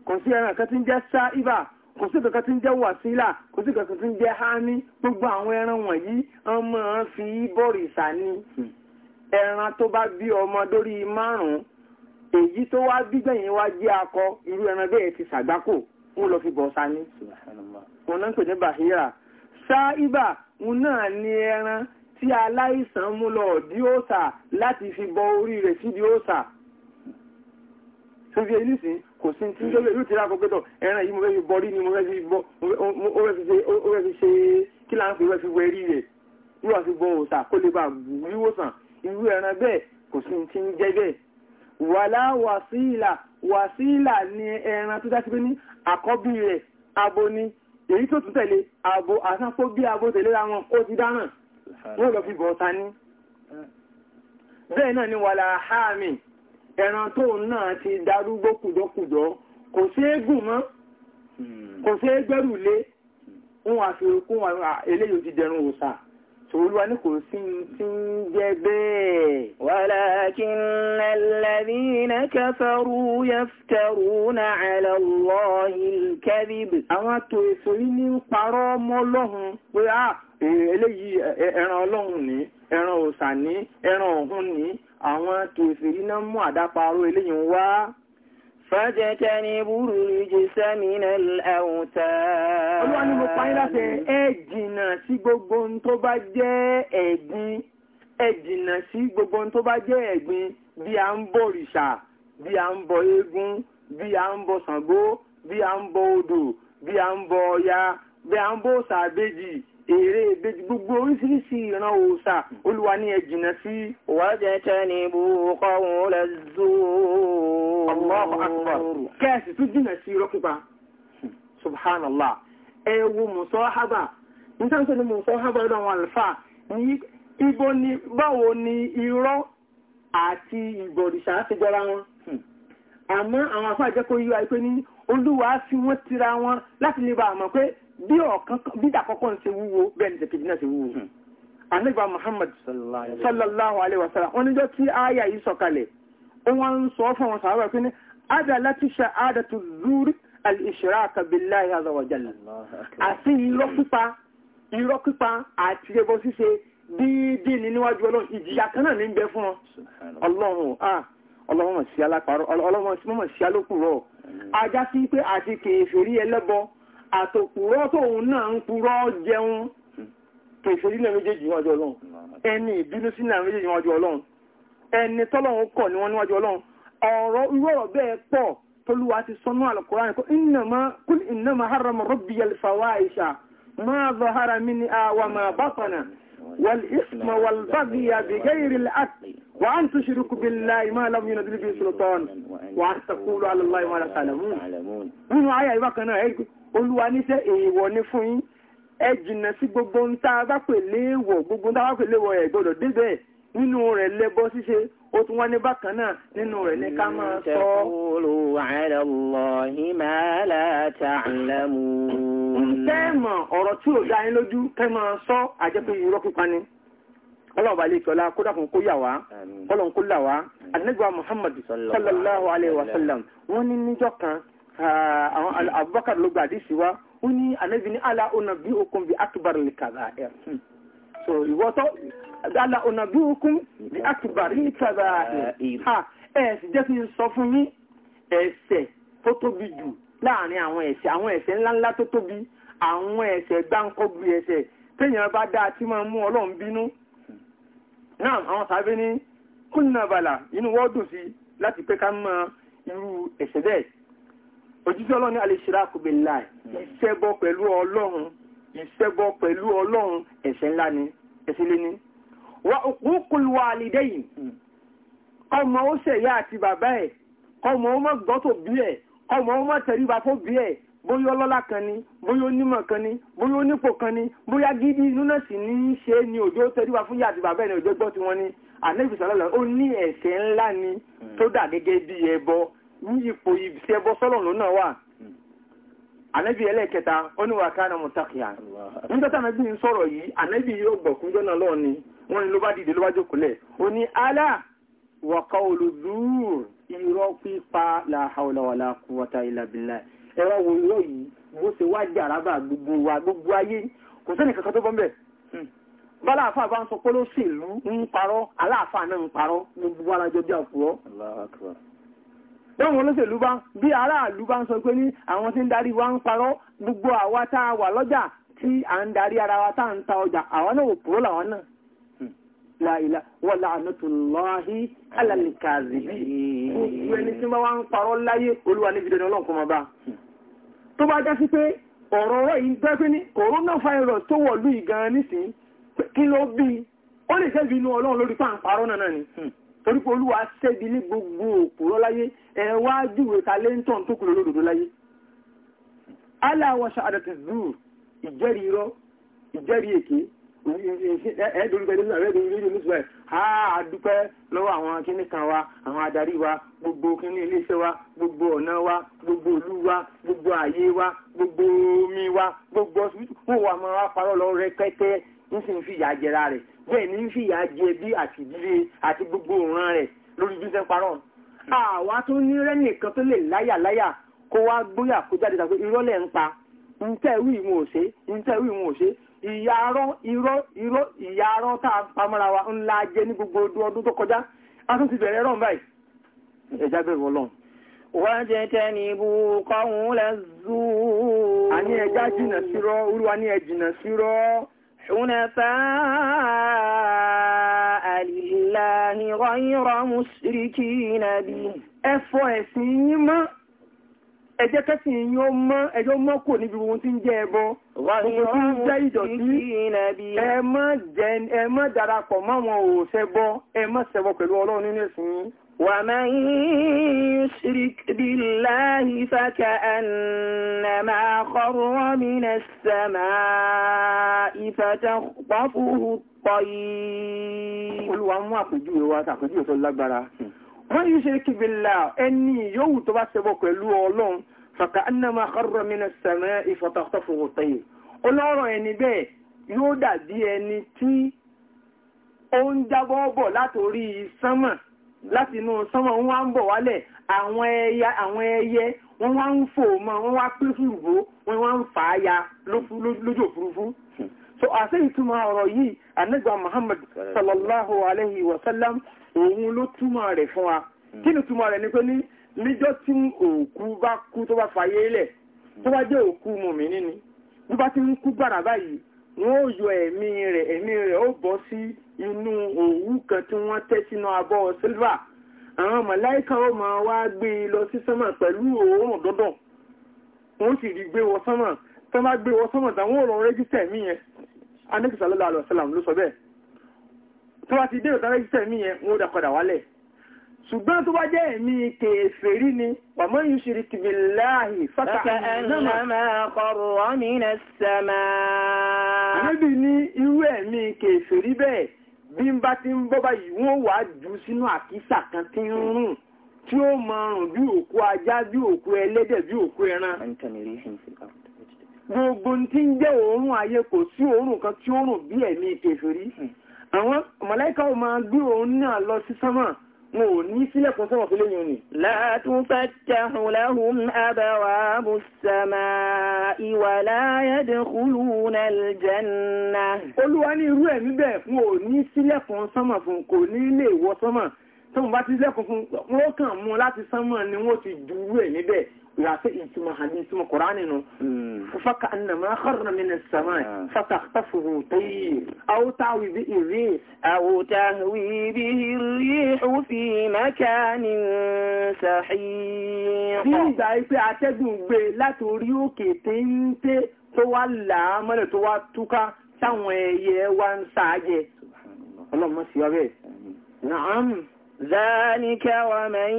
Speaker 1: kò sí ẹran kan tí ń jẹ́ sa'iba kò sí kankan tí ń jẹ́ wàsílà kò sí kankan tí ń jẹ́ hání gbogbo àwọn ẹran wọ̀nyí ọmọ fi bọ̀rìṣà ni hmm. ẹran tó bá bí ọmọ lórí márùn-ún èyí tó wá gbígbẹ̀yìn wá jẹ́ akọ irú ẹran bẹ́ẹ̀ ti ṣàgbákò ń lọ fi bọ̀ sani òun náà ń pè ní bahira ṣáíbà òun náà ni ẹran tí aláìsàn mú lọ ọ̀dí òòsà láti fi bọ orí rẹ̀ síbi òòsà sóbi èyí nìsín kò sí tí ó lè yóò ti rákọ pẹ́tọ̀ ẹran yìí mo fẹ́ fi bọrí ni mo fẹ́ fi bọ ó fẹ́ fi ṣe kí là ń pè fẹ́ fi wẹ̀rí rẹ̀ yóò wá fi bọ òòsà kó lè bá wíwòsàn irú ẹran bẹ́ẹ̀ kò sí tí ń jẹ́ bẹ́ẹ̀ wàlá wàsíìlà wàsíìlà ni ẹran tó dájú pé ní àkọ́bí rẹ̀ abo ni èyí tó tún tẹ̀lé abo àsápó bí abo tẹ̀léra wọn ó ti dáràn wọ́n lọ fi bọ̀ọ̀ta ní bẹ́ẹ̀ náà ni wàlá háàmì ẹran tó náà ti darúgbó kùjọkùjọ kò ṣe é gùn mọ́ hmm. kò ṣe é gbẹ́rù lé wọn àfi okun eléyìí ti dẹrùn òòsà Olúwa ní kò sí tí ń jẹ́ bẹ́ẹ̀. Walakinna alladhina kafaru yaftaruna ala Allahi al-kadhib. Àwọn tó èso yìí ní parọ́ mọ́ Ọlọ́hun pé á eléyìí ẹran Ọlọ́hun ní, ẹran òòṣà ní, ẹran ọ̀hún ní, àwọn tó èso yìí náà mú àdáparó eléyìí wá fájẹ́tẹ́nibú rìjìṣẹ́ mìíràn ẹ̀wùtà. olúwa ni mo pa yín láṣẹ sí gbogbo ohun tó bá jẹ́ ẹ̀gbin ẹ sí gbogbo ohun tó bá jẹ́ ẹ̀gbin bí à ń bọ òrìṣà bí à ń bọ eégún bí à ń bọ ṣàngó bí à ń bọ odò bí à ń bọ ọya bí à ń bọ òòṣà èrè ìbejì gbogbo oríṣiríṣi ìran òòṣà olúwa ní ẹ jìnnà sí. wájẹ tẹni bú kọhún lẹ zóòrò. Allahu akbar kẹ́ẹ̀sì tún jìnnà sí irọ́ pípa subhanallah ẹ wo mùsọ́hábà nítorí pé ní mùsọ́hábà lọ́dọ̀ àwọn àlùfáà ní báwo ni irọ́ àti ìbọ̀rìṣà ti jọra wọn àmọ́ àwọn afáàjẹ́kọ̀ọ́ yíwa pé ní olúwa fi wọ́n tira wọn láti lè bá àmọ́ pé bí ọ̀kan bí ìdàkọ́kọ́ ń ṣe wúwo bẹ́ẹ̀ ni ìdàkejì náà ṣe wúwo anigba hmm. muhammad sallallahu alaihi wasallam wọn níjọ́ tí aya yìí sọ̀kalẹ̀ wọn ń sọ fún wọn sàárọ̀ pé ní ada láti ṣe adatu zuri al-ishraka billahi azza wa jalla àti irọ́ pípa irọ́ pípa àti ẹbọ ṣíṣe dídí ní níwájú ọlọ́run ìjìyà kan náà ní ń bẹ fún ọ ọlọ́run ah ọlọ́run mọ̀ sí alápàrọ̀ ọlọ́run mọ̀ sí alókùrọ̀ ajá sí pé àti kèéfèrí ẹlẹ́bọ àtòpùrọ́ tóun náà ń purọ́ jẹun kèfèrí náà méjèèjì níwájú ọlọ́run ẹni ìbínú sí náà méjèèjì níwájú ọlọ́run ẹni tọ́lọ́run kọ̀ ní wọ́n níwájú ọlọ́run ọ̀rọ̀ irú ọ̀rọ̀ bẹ́ẹ̀ pọ̀ tolúwa ti sọnú àlùkùránì kó kúl innama harrama rabbiyal fawahisha ma zahara minha wa ma batana wal isma wal bagya bigayril haqqi wa an olúwa níṣẹ́ èèwọ̀ ni fún yín ẹ jìnnà sí gbogbo ń tá a bá pè léèwọ̀ gbogbo ń tá a bá pè léèwọ̀ ẹ̀ gbọ́dọ̀ débẹ̀ nínú rẹ̀ lẹ́bọ ṣíṣe ó tún wá ní bákan náà nínú rẹ̀ ní ká máa sọ. taqulu ala Allahi ma la ta'lamun. tẹ́ẹ̀mọ̀ ọ̀rọ̀ tí ò dá lójú kẹ́ máa sọ àjẹpẹ́ irọ́ pípa ni ọlọ́ọ̀bá lè tọ́lá kó dákun kó yà wá ọlọ́run kó là wá àdínẹ́gbà Muhammad sallallahu alayhi wa sallam wọ́n ní níjọ́ kan àwọn abubakar ló gbà àdìsí wa ó ní anabi ní ala ọ̀nà bí okun bí akibar lè kàdà ẹ̀ so ìwọ́tọ́ ala ọ̀nà bí okun bí akibar lè kàdà ẹ̀ ẹ̀ sì jẹ́ kí n sọ fún yín ẹ̀ṣẹ̀ tó tóbi jù láàrin àwọn ẹ̀ṣẹ̀ àwọn ẹ̀ṣẹ̀ ńláńlá tó tóbi àwọn ẹ̀ṣẹ̀ gbáǹkọ́gbì ẹ̀ṣẹ̀ téèyàn bá dáa tí máa mú ọlọ́run bínú náà àwọn sàbẹ̀ ní kúnnàbàlà inú wọ́ọ̀dù sí láti pé ká mọ irú ẹ̀ṣẹ̀ bẹ́ẹ̀ òjíṣẹ́ ọlọ́run ní al-ishraku billahi ìṣẹ́bọ pẹ̀lú ọlọ́run ìṣẹ́bọ pẹ̀lú ọlọ́run ẹ̀ṣẹ̀ ńlá ni ẹ̀ṣẹ̀ lé ní. wa uququl walidayn kọ́mọ ó ṣẹ̀yà àti bàbá ẹ̀ kọ́mọ ó mọ̀ gbọ́ tó bí ẹ̀ kọ́mọ ó mọ̀ tẹríba fó bí ẹ̀ bóyá ọlọ́lá kan ni bóyá onímọ̀ kan ni bóyá onípò kan ni bóyá gidi inú náà sì ní í ṣe ni òjò tẹríba fún yà àti bàbá ẹ̀ ní òjò gbọ́ tiwọn ni àlejò sọ̀rọ̀ ó ní ẹ̀ṣẹ̀ ńlá ni tó dà gẹ́gẹ́ bí ẹbọ níyìpò ìbísẹ́ bọ́ sọ́lọ̀ na wa. ànábì ẹlẹ́ẹ̀kẹta ó ní wàá kánà mùtàkìyà nígbà tí ànábì ń sọ̀rọ̀ yìí ànábì yóò gbọ̀kúnjọ́ náà lọ́ọ̀ ni wọ́n ní ló bá dìde ló bá jókòólẹ̀ ó ní alá wọ̀kọ́ olùdúr irọ́ pípa la hawla wala quwwata illa billah wo irọ́ yìí bó ṣe gbogbo wa gbogbo ayé kò ni kankan tó bọ́ táwọn olóṣèlú bá bí aráàlú bá ń sọ pé ní àwọn tí ń darí wa ń parọ́ gbogbo àwa tá a wà lọ́jà tí à ń darí ara wa tá à ń ta ọjà àwọn náà òpòrò làwọn náà láìlá wọ́n la'natullahi ala al-kazibi gbogbo ẹni tí wọ́n ń parọ́ láyé olúwa níbi dandan ọlọ́nkọ́ máa bá tó bá dá sí pé ọ̀rọ̀ ọ̀rọ̀ yìí pẹ́ pé ní coronavirus tó wọ̀lú ìgan nísìnyí kí ló bí ó lè ṣẹ́bi torí pé olúwa ṣẹ́bi ní gbogbo òpòrọ́ láyé ẹ wá júwe talenton tó kúrò lódodo láyé aláwọ̀ṣà àdàtì zoo ìjẹ́rìí irọ́ ìjẹ́rìí èké ẹ̀ẹ́dùnúgbẹ̀dẹ̀ àdúpẹ́ lọ́wọ́ àwọn kíní kan wa àwọn adarí wa gbogbo kíní iléeṣẹ́ wa gbogbo ọ̀nà wa gbogbo ìlú wa gbogbo ààyè wa gbogbo omi wa gbogbo ọ̀sùn wọ́n wà máa parọ́ lọ rẹpẹtẹ ń sì ń fi ìyà jẹra rẹ̀ bẹ́ẹ̀ ni fìyà jẹ bí àti ìdílé àti gbogbo òran rẹ̀ lórí bí sẹ́ń parọ́ àwa tó ní rẹ́nìkan tó lè láyà láyà kó wá gbóyà kó jáde tàbí irọ́ lẹ̀ ń pa ntẹ́ ìwé ìwọ̀n ò ṣe ntẹ́ ìwọ̀n ò ṣe irọ́ irọ́ ìyà tá a pamọ́ra wa ńlá jẹ ní gbogbo ọdún tó kọjá a tún ti bẹ̀rẹ̀ rọ̀ báyìí ẹ̀já bẹ̀rù ọlọ́run wajtanibu qawla zzur. a ní ẹjá jìnà sírọ́ olúwa ní ẹ jìnà sírọ́. حنفاء لله غير مشركين به ẹfọ́ ẹ̀sìn yín mọ́ ẹ jẹ́ kẹ́sìn yín ó mọ́ ẹjọ́ mọ́ kò níbi ohun tí ń jẹ́ ẹbọ ohun tí ń jẹ́ ìdọ̀tí ẹ má darapọ̀ mọ́ àwọn ẹ má ṣẹbọ pẹ̀lú ọlọ́run nínú ẹ̀sìn yín ومن يشرك بالله فكأنما خر من السماء فتخطفه الطير Olúwa mú àpèjúwe wa àpèjúwe tó lágbára. Man yushrik billah ẹni yóò tó bá ṣẹbọ pẹ̀lú Ọlọ́run فكأنما خر من السماء فتخطفه الطير. Ọlọ́rọ̀ ẹni bẹ́ẹ̀ yóò dàbí ẹni tí ó ń jábọ́ bọ̀ látòrí sánmà láti inú sánmọ̀ wọ́n wá ń bọ̀ wálẹ̀ àwọn ẹyẹ àwọn ẹyẹ wọ́n wá ń fò mọ́ wọ́n wá pín fúrùbó wọ́n wá ń fà á ya lójú òfurufú so àṣẹ ìtumọ̀ ọ̀rọ̀ yìí anagba Muhammad sallallahu alayhi wa sallam òun ló túmọ̀ rẹ̀ fún wa kí ni túmọ̀ rẹ̀ ni pé ní níjọ́ tí òkú bá kú tó bá fàyè lẹ̀ tó bá jẹ́ òkú mùmí níní bí bá ti ń kú gbàrà báyìí wọ́n yọ ẹ̀mí rẹ̀ ẹ̀mí rẹ̀ ó bọ́ sí inú òwú kan tí wọ́n tẹ́ sínú abọ́ silva àwọn màláíkà ó máa wá gbé e lọ sí sánmà pẹ̀lú òórùn dọ́dọ̀ wọ́n sì rí gbé wọ sánmà tó bá gbé wọ sánmà táwọn ò lọ rẹ́gísítà ẹ̀mí yẹn anẹ́kìsà lọ́la àlọ́ sálàm ló sọ bẹ́ẹ̀ tó bá ti dé ìtàn rẹ́gísítà ẹ̀mí yẹn wọ́n dà padà wálẹ̀ ṣùgbọ́n tó bá jẹ́ èmi kèfèrí ni wa man yushrik billahi faka'annama qarra minas samaa. ànábì ní irú ẹ̀mí kèfèrí bẹ́ẹ̀ bí n bá ti ń bọ́ báyìí wọ́n wà á jù sínú àkísà kan tí ń rùn tí ó máa rùn bí òkú ajá bí òkú ẹlẹ́dẹ̀ bí òkú ẹran. gbogbo tí ń jẹ́ òórùn ayé kò sí òórùn kan tí ó rùn bí ẹ̀mí kèfèrí. Hmm. àwọn màláíkà mo ò ní sílẹ̀kùn sọ́wọ́ fi léyìn ni. látúfẹ́tẹ̀hùn lẹ́hùn àbẹ̀wà mùsàmà ìwàlá yẹ́dẹ̀kúlù nàìjẹ́nà. olúwa ní irú ẹ̀ níbẹ̀ mo ò ní sílẹ̀kùn sọ́mọ̀ fún kò ní ilé ìwọ sọ́mọ̀ tó mo bá ti sílẹ̀kùn fún wọn kàn mú láti sánmọ̀ ni wọ́n ti dúró ẹ̀ níbẹ̀ لا سئنتم حديثم قرآن ما خر من السماء آه. فتخطفه طير أو تعوي به الريح أو تهوي به الريح في مكان سحيق في ضعيف أعتدوا بلا تريوك تنت تولى عمل توتك تنوي وانساجي اللهم سيابي نعم ذلك ومن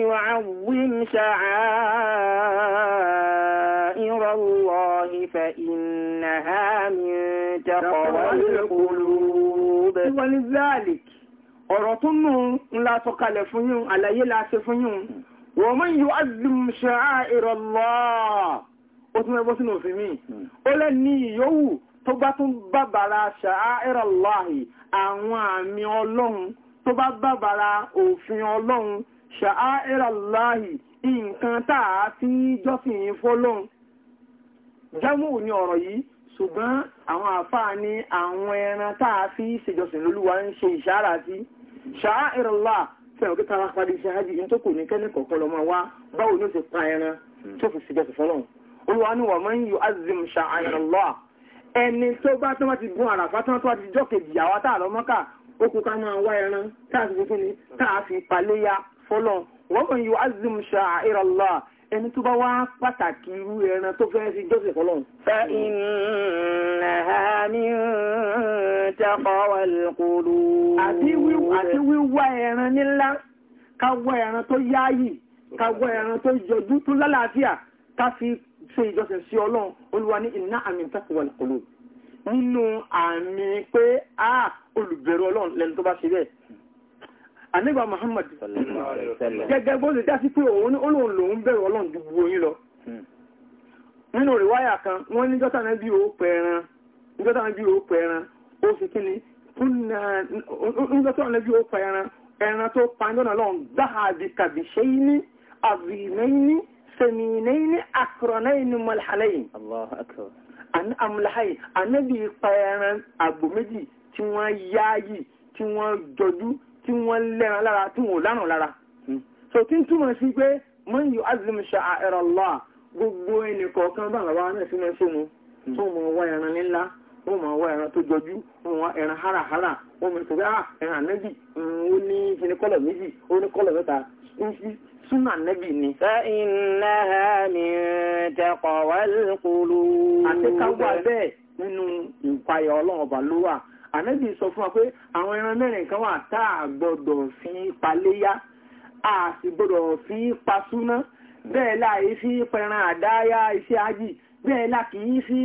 Speaker 1: يعظم شعائر الله فإنها من تقوى القلوب ولذلك ọ̀rọ̀ tó nù ńlá sọ̀kalẹ̀ fún yín àlàyé láti fún yín wọ́n mọ́ yíò azìm sha'a'ir Allah ó tún ẹgbọ́ sínú òfin mi hmm. ó lẹ́ ní ìyówù tó bá tún bàbára sha'a'ir Allah àwọn àmì ọlọ́run tó bá bàbàrà òfin ọlọ́run ṣàáìràláhì nǹkan táà tí jọ́sìn fọ́lọ́run jámù ní ọ̀rọ̀ yìí ṣùgbọ́n àwọn àfáà ní àwọn ẹran táà fi ṣèjọsìn lólúwa ń ṣe ìṣára sí ṣàáìràláhì fẹ́ òkè tára padì iṣẹ́ hajj ní tó kò ní kẹ́ni kọ̀ọ̀kan lọ́mọ wa báwo ni ó ti pa ẹran tó fi ṣèjọsìn fọ́lọ́run olúwa ní wọ̀n mọ́ ń yọ azim ṣàáìràláhì ẹni tó bá tó bá ti gún àràfá tó bá ti jọ́ kejì àwátà lọ́mọ́kà ó kú ká máa wá ẹran táàfi kí ni táàfi paléyà fọ́lọ̀ wọ́n mọ̀ yóò azim sha'irallah ẹni tó bá wá pàtàkì irú ẹran tó fẹ́ fi jọ́sẹ̀ fọ́lọ̀. fa innaha min taqwal qulub. àti wíwá ẹran nílá ká wá ẹran tó yááyì ká wá ẹran tó yọjú tó lálàáfíà ká fi ṣe ìjọsìn sí ọlọ́run olúwa ní inna min taqwal qulub nínú àmì pé a olùbẹ̀rù ọlọ́run lẹ́nu tó bá ṣe bẹ́ẹ̀ àníbà Muhammad gẹ́gẹ́ bó ṣe dásí pé òun ní olóhùn lòun bẹ̀rù ọlọ́run ju gbogbo yín lọ hmm. nínú rìwáyà kan wọ́n ní jọ́tà náà bí ó pẹ̀ran nígbàtà náà bí ó pẹ̀ran ó sì kí ni nígbàtà náà bí ó pẹ̀ran ẹran tó pàǹdọ̀nà lọ́n gbáhàbí kàbíṣẹ́ ní àbìnẹ́ni sẹ̀mìnẹ́ni àkùrọ̀nẹ́ni mọ̀lẹ́hàlẹ́yìn. Allah akbar amúláhàì anábì pa ẹran àgbò méjì tí wọ́n yááyì tí wọ́n jọjú tí wọ́n lẹ́ran lára tí wọ́n lárùn lára hmm. so tí ń túmọ̀ sí pé mọ́ yóò azim sha'a'ir Allah gbogbo ẹnì kọ̀ọ̀kan bá bàbá náà sí mọ́ sómo tó mọ̀ wá ẹran ńlá ó mọ̀ wá ẹran tó jọjú ó mọ̀ ẹran hárahárà ó mọ̀ ìtòkè ẹran anábì ó ní kọ́lọ̀ méjì ó ní kọ́lọ̀ mẹ́ta súnà nẹ́bì ni. fa innaha min taqwal qulub. àti ká wà bẹ́ẹ̀ nínú ìpayà ọlọ́run ọba ló wà sọ fún wa pé àwọn ẹran mẹ́rin kan wà tá a fi a sì fi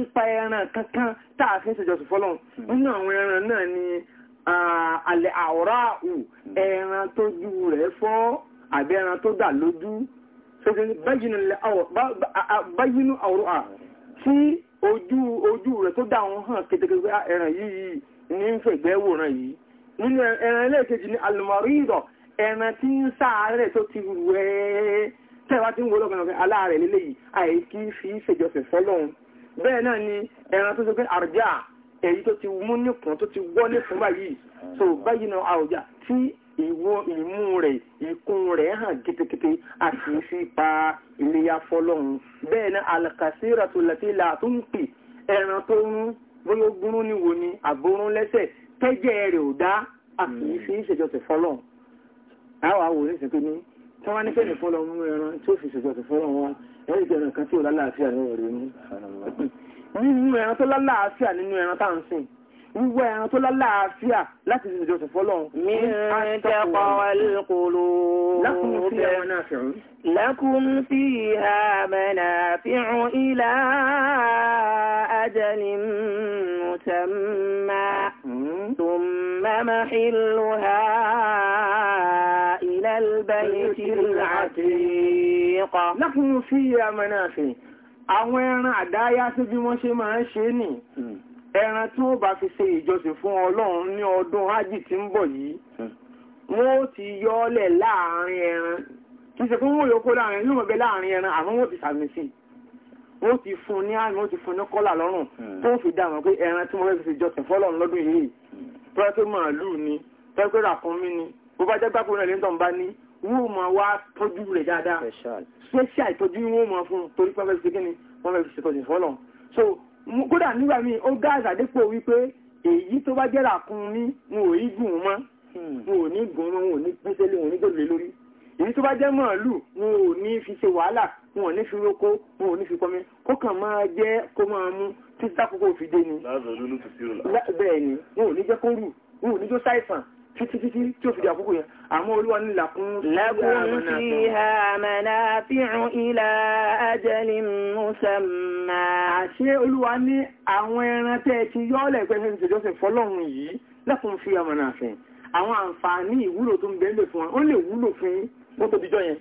Speaker 1: pa àbí ẹran tó dà lójú báyínú àwòrán à tí ojú ojú rẹ̀ tó dà wọn hàn kẹtẹkẹtẹ ẹran yìí ní ń fẹ̀gbẹ́ wòran yìí nínú ẹran ẹlẹ́ẹ̀kejì ni alùmọ̀rìdọ̀ ẹran tí ń sáàárẹ̀ tó ti wẹ́ẹ́ tẹ́wà tí ń wo lọ́gbọ̀nà aláàrẹ̀ lélẹ́yìí àìkí fi ṣèjọsìn fọ́lọ́run bẹ́ẹ̀ ni ẹran tó sọ pé àrùjá èyí tó ti mú nìkan tó wọ́ nìkan so báyìí náà àrùjá ìwo ìmú rẹ̀ ikún rẹ̀ hàn kitikiti a kì í fi pa iléyà fọlọ́run bẹ́ẹ̀ ni alakasira tó lati la tó ń pè ẹran tó ń bóyá ogúnrún ni wo ni àbórún lẹ́sẹ̀ tẹ́jẹ́ rẹ̀ ò dá a kì í fi ìṣèjọsìn fọlọ́run àwọn àwọn òṣìṣẹ́ tó ní tí wọ́n ní kẹ́lẹ̀ fọ́lọ́ mú ẹran tí ó fi ṣèjọsìn fọ́lọ́ wọn ẹ̀rí jẹ́ nǹkan tí ò lálàáfíà nínú ẹran tó lálàáfíà nínú ẹran táà ń sìn wíwá ẹran tó lálàáfíà láti ṣe ìjọsìn fọ́lọ́run. mi ń tẹ́kọ̀ ẹlẹ́kọ̀ọ́lọ́ bẹ́ẹ̀ lakum fiha manafi'u ila ajalin musamma hmm. thumma mahilluha ila albayti al-'atiq. lakum fiha manafi' àwọn ẹran àdáyá sí bí wọ́n ṣe máa ń ṣe nì hmm ẹran tí wọ́n bá fi ṣe ìjọsìn fún ọlọ́run ní ọdún hajj tí ń bọ̀ yìí wọ́n ti yọ ọ́lẹ̀ láàrin ẹran kì í ṣe pé wọ́n yóò kó láàrin yóò mọ̀ bẹ́ láàrin ẹran àmọ́ wọ́n ti sàmì sí wọ́n ti fún ní àmì wọ́n ti fún ní kọ́là lọ́rùn tó fi dà wọ́n pé ẹran tí wọ́n fẹ́ fi ṣe ìjọsìn fọ́lọ́run lọ́dún yìí tọ́lá pé màálù ni tọ́lá pé ràkúnmí ni bó bá jẹ́ gbáko náà lè bá ní wọ́n máa wá tọ́jú rẹ̀ dáadáa special ìtọ́jú wọ́n máa fún torí pé wọ́n fẹ́ fi ṣe kí ni wọ́n fẹ́ fi ṣe ìtọ́jú fọ́lọ́run so kódà nígbà míì ó gáàsà dípò wípé èyí tó bá jẹ́ra kún mi n ò rí gùn mọ́ hmm. n ò ní gùn n ò ní pínṣẹ́lẹ̀ n ò ní gbèlè lórí èyí tó bá jẹ́ màálù n ò ní fi ṣe wàhálà n ò ní fi roko n ò ní fi pọnmi kó kàn máa jẹ́ kó máa mú títí tákòókò fi dé ni. láàbẹ̀ ni n ò ní jẹ́ kó rù n ò ní jó ṣàìsàn títí títí tí ó fi di àkókò yẹn àmọ́ olúwa ní làkún lakum fiha manafi'u ila ajalin musamma àṣẹ olúwa ní àwọn ẹran tẹ́ ti yọ́ọ̀lẹ̀ pẹ́sẹ̀ ìjọjọ́sẹ̀ fọlọ́run yìí lakum fiha manafi'u àwọn àǹfààní ìwúlò tó ń bẹ́ẹ̀lẹ̀ fún wọn ó lè wúlò fún wọ́n tó dijọ́ yẹn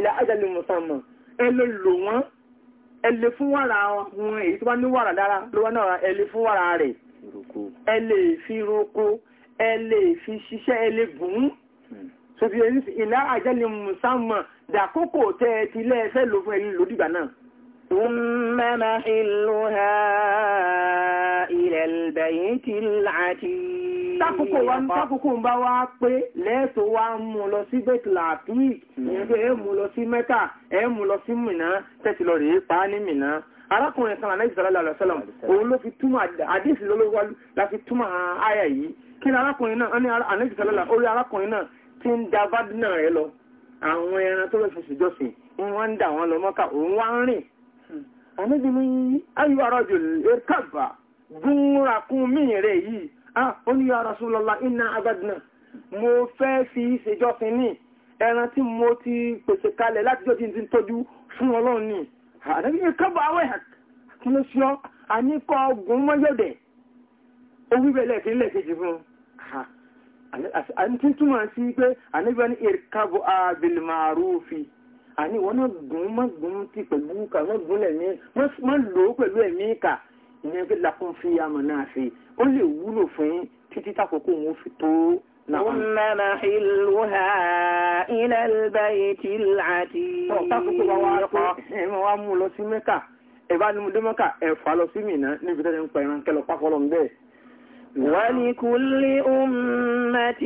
Speaker 1: ila ajalin musamma ẹ lè lò wọ́n ẹ lè fún wàrà wọn èyí tó bá ní wàrà dára lọ́wọ́ náà ẹ lè fún wàrà rẹ̀ ẹ lè fi roko ẹ lè fi ṣiṣẹ́ ẹ lè gùn hmm. sofi ẹni ìlà àjẹlẹ musamman dàkókò tẹ ẹ ti lẹ́ẹ̀fẹ́ lò fún ẹni lòdìgbà náà. ثم محلها إلى البيت العتيق Tákòkò wa ní ń bá wá pé lẹ́ẹ̀tọ́ wá mú lọ sí Bẹ́tìláàfíì, hmm. ìyẹ́gbẹ́ ẹ mú lọ sí Mẹ́kà, ẹ mú lọ sí Mìnà, tẹ́tì lọ rèé pa ní Mìnà. Arákùnrin kan àlẹ́ ìsọ̀rọ̀ àlọ́sọ́lọ̀, òun ló fi túmọ̀ àdéhìsì lọ́lọ́wọ́ la túmọ̀ àyà yìí kí ni arákùnrin náà ní àlejìkálọ́là orí arákùnrin náà ti ń da vádínà rẹ lọ àwọn ẹran tó lè fòsì jọsìn wọn ń dà wọn lọ mọ́kà òun wá ń rìn hmm. àníbi ní ayọ̀ àrọ̀jò lẹ́kàbà gúnrakún míì rẹ̀ yìí ah ó ní ya Rasulullah iná abadina hmm. mo fẹ́ fi ṣèjọsìn ní ẹran tí mo ti pèsè kalẹ̀ láti jọ́ ti ń tọ́jú fún ọlọ́run ní àdàbí lẹ́kàbà awẹ́ kí ló ṣe ọ́ àníkọ́ ogun mọ́yọ̀dẹ̀ ó wíbẹ̀ lẹ́ẹ̀kejì fún un àní tí túmọ̀ sí pé àníbi wọn ní irkabu abilmarufi àní wọn náà gùn má gùn ti pẹ̀lú ìkà má gùn lẹ̀mí má lò ó pẹ̀lú ẹ̀mí ìyẹn fi lakún fi àmọ̀ náà fi ó lè wúlò fún títí tàkókò wọn fi tó ثم محلها إلى البيت العتيق wá mú lọ sí Mẹ́kà ẹ bá ní dé Mẹ́kà ẹ fà lọ sí Mínà níbi tẹ́lẹ̀ ń pẹ̀rán kẹlọ pápọ̀lọ́ ń bẹ́ẹ̀ ولكل أمة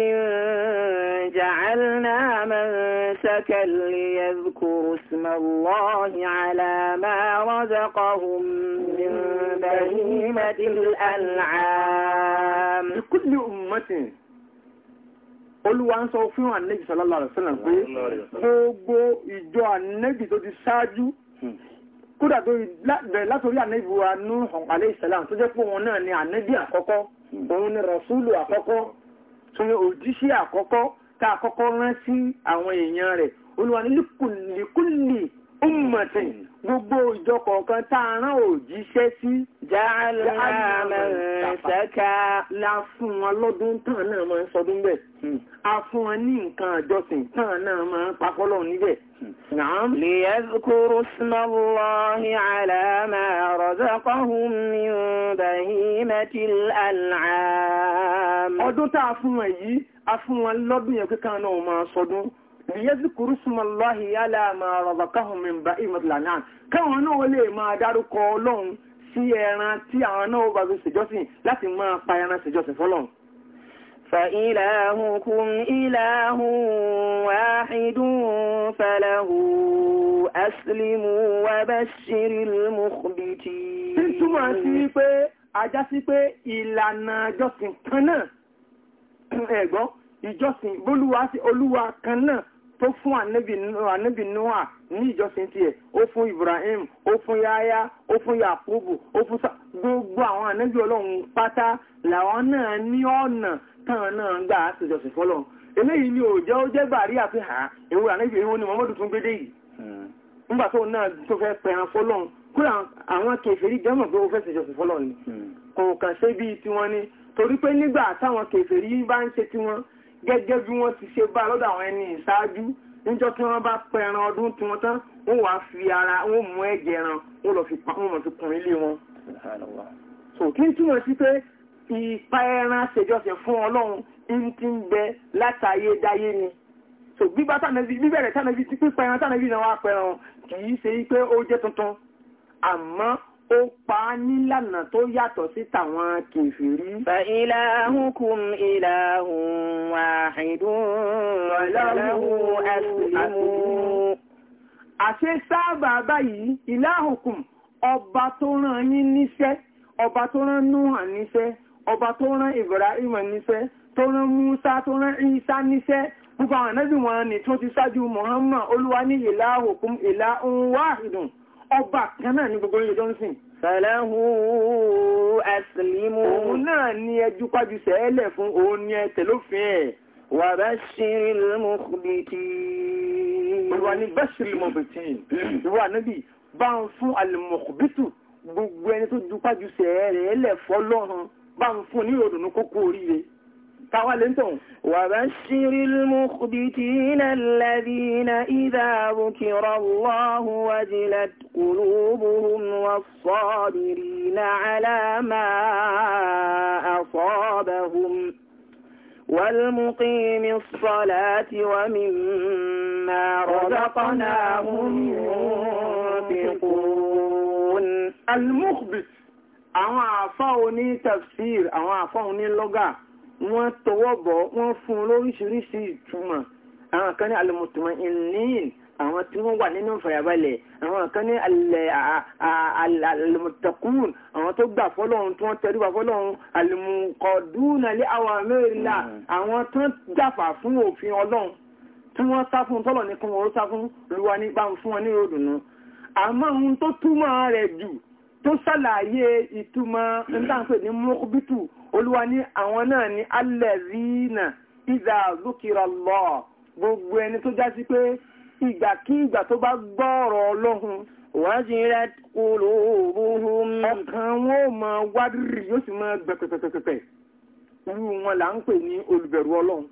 Speaker 1: جعلنا منسكا ليذكروا اسم الله على ما رزقهم من بهيمة الأنعام لكل أمة Olúwa ń sọ fún ànẹ́bì sallallahu alaihi wasallam pé gbogbo ìjọ ànẹ́bì tó ti ṣáájú hmm kódà tó bẹ̀rẹ̀ látòrí ànábì wa Nuhu alayhi salam tó jẹ́ pé òun náà ni ànábì àkọ́kọ́ òun ni rọ̀súlù àkọ́kọ́ tó ní òjíṣẹ́ àkọ́kọ́ tá àkọ́kọ́ rán sí àwọn èèyàn rẹ̀ olùwà ní gbogbo ìjọ kọ̀ọ̀kan tá a rán òjíṣẹ́ sí. jáàlá mẹ́sàkà. la fún wọn lọ́dún tán náà máa ń sọdún bẹ́ẹ̀. Hmm. a fún wọn ní nǹkan àjọsìn tán náà máa ń pakọ́lọ̀ níbẹ̀. نعم ليذكروا اسم الله على ما رزقهم من بهيمة الأنعام ọdún tá a fún wọn yìí a fún wọn lọ́dún yẹn kíkan náà máa sọdún liyazkuru smallahi ala ma razaqahum min ba'imatil an'am káwọn náà lè máa dárúkọ ọlọ́run sí ẹran tí àwọn náà bá fi ṣèjọ́sìn láti máa pa ẹran ṣèjọ́sìn fọ́lọ́run. fa ilahukum ilahun wahidun falahu aslimu wa bashiril mukhbitin. tí túmọ̀ sí pé ajá sí pé ìlànà ìjọ́sìn kan náà ẹ̀gbọ́n ìjọ́sìn bólúwa sí olúwa kan náà tó fún ànábì noah ní ìjọsìn tiẹ̀ ó fún ibrahim ó fún yáyá ó fún yakubu ó fún gbogbo àwọn ànábì ọlọ́run pátá làwọn náà ní ọ̀nà táwọn náà gbà á sì jọsìn fọlọ́run eléyìí ni ò jẹ́ ó jẹ́ bàárí àfi hàn èwo ànábì èwo ni muhammadu tún gbédè yìí hmm. nígbà tó náà tó fẹ́ pẹ̀ràn fọlọ́run kúrò àwọn kèfèrí jẹ́mọ̀ pé ó fẹ́ sì jọsìn fọlọ́run ni hmm. kò kàn ṣe bíi tiwọn ni torí pé nígbà táwọn kèfèrí bá ń ṣe tiwọn gẹ́gẹ́ bí wọ́n ti ṣe bá lọ́dọ̀ àwọn ẹni ìṣáájú níjọ́ tí wọ́n bá pẹran ọdún tí wọ́n tán wọ́n wàá fi ara wọ́n mú ẹ̀jẹ̀ ẹran wọ́n lọ fi kùn ilé wọn. so kí n túmọ̀ sí pé ìpa ẹran ṣèjọsìn fún ọlọ́run ń ti ń bẹ látayédáyé ni so gbígbà tànàbí bíbẹ̀rẹ̀ tànàbí ti pípa ẹran tànàbí náà wà pẹran kì í ṣe pé ó jẹ́ tuntun àmọ́ ó pa á nílànà tó yàtọ̀ sí tàwọn kìfìrí. fa ilahukum ilahun wahidun lahu aslimu. àṣẹ sábà báyìí ilahukum ọba tó rán yín níṣẹ́ ọba tó rán Nuhan níṣẹ́ ọba tó rán Ibrahim níṣẹ́ tó rán Musa tó rán Isa níṣẹ́ gbogbo àwọn ànábì wọn ni tó ti ṣáájú Muhammad olúwa ní ilahukum ilahun wahidun ọba kan náà ní gbogbo ilé johnson. Fẹ̀lẹ́hu ẹ̀sìlímù. Òun náà ni ẹjú pájú sẹ́ẹ̀lẹ̀ fún òun ni ẹ̀tẹ̀ lófin ẹ̀. Wà bá ṣírí lọ́mọkùnbìtì. Ìwà ni bá ṣírí lọ́mọkùnbìtì. Ìwà níbi bá ń fún àlùmọ̀kùnbìtù gbogbo ẹni tó ju pájú sẹ́ẹ̀lẹ̀ fọ́lọ́run bá ń fún ní òdùnnú kókó oríire. táwa وبشر المخبتين الذين إذا ذكر الله وجلت قلوبهم والصابرين على ما أصابهم والمقيم الصلاة ومما رزقناهم ينفقون المخبت أما àfáà تفسير أما àwọn لغة wọ́n tọwọ́ bọ̀ wọ́n fún un lóríṣiríṣi ìtumọ̀ àwọn kan ní alùmùtùmọ̀ ìníyìn àwọn tí wọ́n wà nínú ìfàyàbalẹ̀ àwọn kan ní alùmùtàkùn àwọn tó gbà fọ́lọ́run tí wọ́n tẹríba fọ́lọ́run alùmùkọ̀dúnàlé àwọn amẹ́rìnlá àwọn tó jàfà fún òfin ọlọ́run tí wọ́n sá fún tọ́lọ̀ ní kún wọn sá fún olúwa ní bá fún wọn ní ìròdùnú àmọ́ ohun tó túmọ̀ rẹ̀ jù tó ṣàlàyé ìtumọ̀ ń olúwa ní àwọn náà ni alẹ́rìnà ìdá lókìrọ̀ lọ gbogbo ẹni tó já sí pé ìgbàkígbà tó bá gbọ́ọ̀rọ̀ ọlọ́hun wajilat qulubuhum ọkàn wọn ò mọ wádìrì yóò sì mọ gbẹpẹpẹpẹpẹ irú wọn là ń pè ní olùbẹ̀rù ọlọ́hun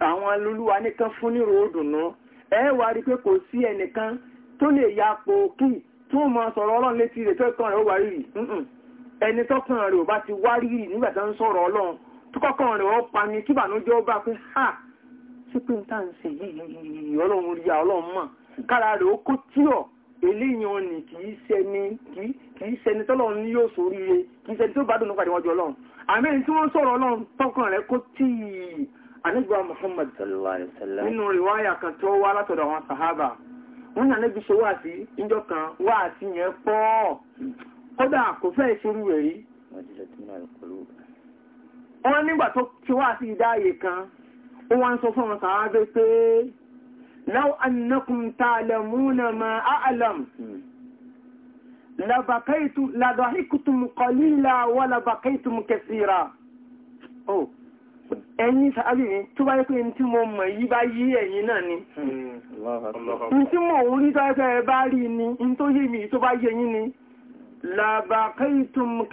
Speaker 1: àwọn olúwa nìkan fún ní ròódùnú ẹ wá rí pé kò sí ẹnìkan tó lè ya pòókì tó mọ sọ̀rọ̀ ọlọ́run létí rẹ̀ tó kàn rẹ̀ ó ẹni tọ́kàn rẹ̀ ò bá ti wárìrì nígbà tó ń sọ̀rọ̀ ọlọ́run tó kọ́kàn rẹ̀ ó pa ni kíbànújẹ́ ó bá pé ha sí pé n tá n ṣe yìí ọlọ́run rí ọlọ́run mọ̀ kára rẹ̀ ó kó tíọ̀ eléyìn ọ̀nì kìí ṣẹni kìí ṣẹni tọ́lọ́run ní yóò sórí rẹ̀ kìí ṣẹni tó bá dùn nípa ìwọ́jọ́ ọlọ́run àmì tí wọ́n sọ̀rọ̀ ọlọ́run tọ́kàn rẹ̀ kó tíì anigba Muhammad nínú rìwáyà kan tó wá látọ̀dọ̀ àwọn sàhábà wọ́n ní ànẹ́bí ṣe wáàsí níjọ́ kan wáàsí yẹn pọ̀ kódà kò fẹ́ ìṣirú rẹ̀ rí wọ́n nígbà tó ti wá sí ìdáyè kan ó wá ń sọ fún ọmọ sàábé pé law annakum ta'lamuna ma a'lam labakaitu ladahikutum qalila wa labakaitum kaseera oh ẹ̀yin sàábì ní tó bá yẹ́kọ́ ẹni tí mo mọ̀ yí bá yí ẹ̀yin náà ni hmm, ní tí mo rí tọ́ ẹgbẹ́ rí ni ní tó yé mi tó bá yé ni labakaitum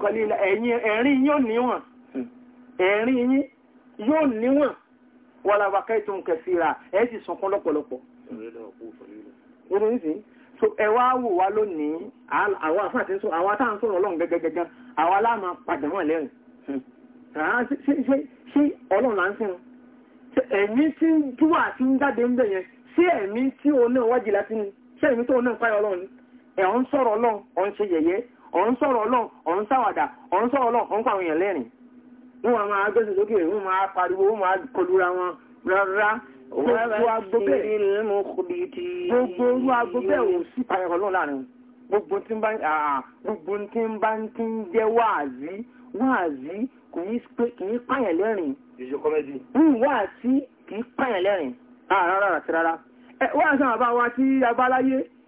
Speaker 1: kalila ẹ̀rin yóò níwọ̀n hmm. ẹ̀rin yín yóò níwọ̀n wà labakaitum kẹfìrà ẹ̀ sì sọkún lọ́pọ̀lọpọ̀ so ẹwà wò wá lónìí àwọn àfáà tí ń sọ àwọn táà ń sọ̀rọ̀ ọlọ́run gẹ́gẹ́gẹ́gẹ́ àwọn aláàmà padà wọ́n lẹ́rìn hmm. ṣé ọlọ́run là ń sìn ẹ̀mí tí ń dúwà tí ń jáde ń bẹ̀yẹn ṣé ẹ̀mí tí òun náà wájìlá sí ni ṣé ẹ̀mí tó òun náà ń páyọ ọlọ́run ni ẹ̀ ń sọ̀rọ̀ ọlọ́run ọ̀ ń ṣe yẹ̀yẹ́ ọ̀ ń sọ̀rọ̀ ọlọ́run ọ̀ ń ṣàwàdà ọ̀ ń sọ̀rọ̀ ọlọ́run ọ̀ ń pàwọn èèyàn lẹ́rìn wọn wà máa gbèsè sókè wọn máa pariwo wọn máa kọlura wọn rárá gbogbo agbóbẹ́ gbogbo orú agbóbẹ́ ò sí payọ̀ ọlọ́run láàrin gbogbo tí ń bá gbogbo tí ń bá ti ń jẹ́ wáàzí wáàzí kì í pààyàn lẹ́rìn wáàzí kì í pààyàn lẹ́rìn rárá àti rárá wáàzí àwọn àbá wa tí abáláyé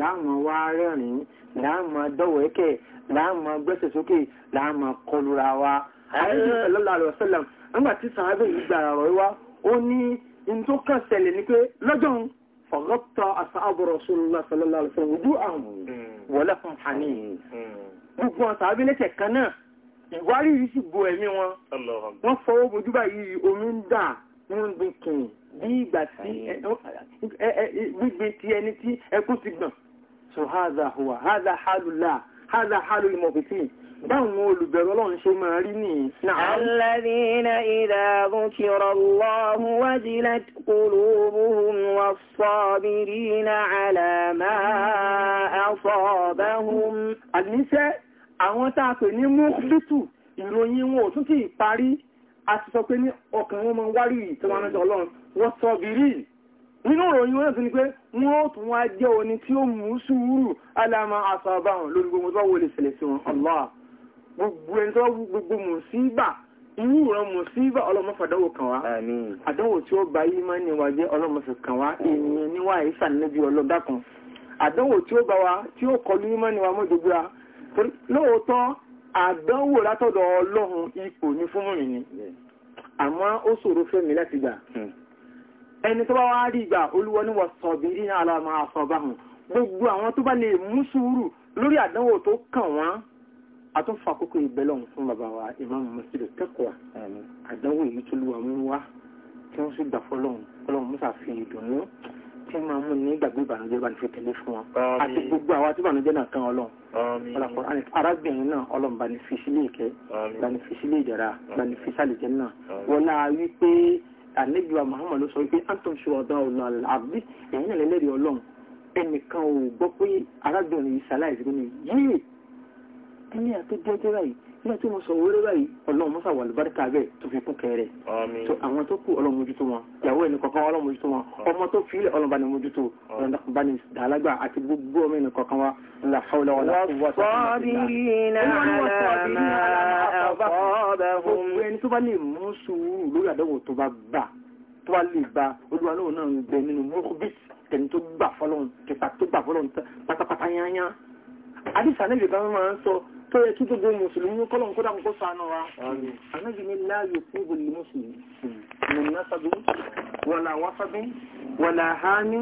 Speaker 1: láàmú wá rẹ́rìn-ín láàmú dọ́wẹ́kẹ̀ láàmú gbẹ́sẹ̀ sókè láàmú kọlura wa. lọ́la rẹ̀ sẹ́lẹ̀m nígbà tí sàábẹ̀ yìí gbàrà rọ̀ wá ó ní ní tó kàn ṣẹlẹ̀ ni pé lọ́jọ́ ń fọ̀gọ́tọ̀ aṣáábù rasulullah sallallahu alaihi wasallam hmm. hmm. ojú àwọn wọlé fún hàní. gbogbo sàábẹ̀ lẹ́sẹ̀ kan náà ìwárí yìí sì bo ẹ̀mí wọn wọ́n fọwọ́ bojú báyìí omi ń dà wọ́n ń gbin kìnnì bí ìgbà tí gbígbé ti ẹni tí ẹkún ti gbọ̀n so haza huwa haza halula haza halul mọ̀fífín báwọn olùbẹ̀rọ ọlọ́run ṣe máa rí ní alladhina idha dhukira Allahu wajilat qulubuhum was-sabirina ala ma asabahum àníṣẹ́ àwọn tá a pè ní mọ́kútù ìròyìn wọn ò tún kì í parí nínú ìròyìn wọn sì ni pé wọn ó tún wá jẹ́ òní tí ó mú sùúrù alama asaba hàn lórí gbogbo tó wọlé ṣẹlẹ̀ sí wọn allah gbogbo ẹni tó gbogbo mùsíbà irú ìran mùsíbà ọlọ́mọ fàdánwò kàn wá àdánwò tí ó bá yí máa ní wájẹ ọlọ́mọ fi kàn wá ènìyàn níwá ìsàn níbi ọlọ́dà kan àdánwò tí ó bá wa tí ó kọlu yí máa ní wa mọ́jọ́gbéra lóòótọ́ àdánwò látọ̀dọ̀ ọlọ́run ipò ní fún mi ni àmọ́ ó ṣòro fẹ́mi láti gbà hmm ẹni tó bá wá rí ìgbà olúwọ́ ní wọ̀sọ̀bìrí ní aláàmà àsọ̀báhùn gbogbo àwọn tó bá lè mú sùúrù lórí àdánwò tó kàn wọ́n àtúnfàkókò ìbẹ́lọ̀hún fún bàbá wa Imam Muslim kẹ́kọ̀ọ́ àdánwò èyí tó lù àmú wá tí wọ́n sì gbà fọlọ́hún fọlọ́hún musa fi ìdùnnú tí máa mú ní gbàgbé ìbànújẹ́ bá ní fi tẹ̀lé fún wọn àti gbogbo àwọn tí ìbànújẹ́ náà kan ọlọ́run ọlọ́pọ̀ arábìnrin náà ọlọ́run bá ní fi sílé ìkẹ́ bá ní fi sílé ìdẹ̀ra bá ní fi sálẹ̀ jẹ́ náà wọ́n náà wí pé ànẹ́bíwá Muhammad ló sọ wípé anton ṣùwọ́dà ọ̀nà àbí ẹ̀yìn náà ọlọ́run ẹnìkan ò gbọ́ pé arábìnrin yìí ṣaláìsí nínú yìí ẹni àtọ́jọ́jọ́ báyìí nígbà tí wọ́n sọ wẹ́rẹ́ báyìí ọlọ́run mọ́sá wà lùbáríkà bẹ́ẹ̀ tó fi kún kẹrẹ tó àwọn tó kú ọlọ́run mójútó wọn ìyàwó ẹni kọ̀ọ̀kan wa ọlọ́run mójútó wọn ọmọ tó fílẹ̀ ọlọ́run bá ní mójútó ọlọ́run bá ní dàlágbà àti gbogbo ọmọ ẹni kọ̀ọ̀kan wa ńlá hawla wala quwwata illa ala ma asabahum tó yẹ kí gbogbo mùsùlùmí kọ́lọ̀ kó dàkún kó sànà wa anájú mi láàyò fún gbogbo mùsùlùmí mùnà sábú wàlà wáfábí wàlà hání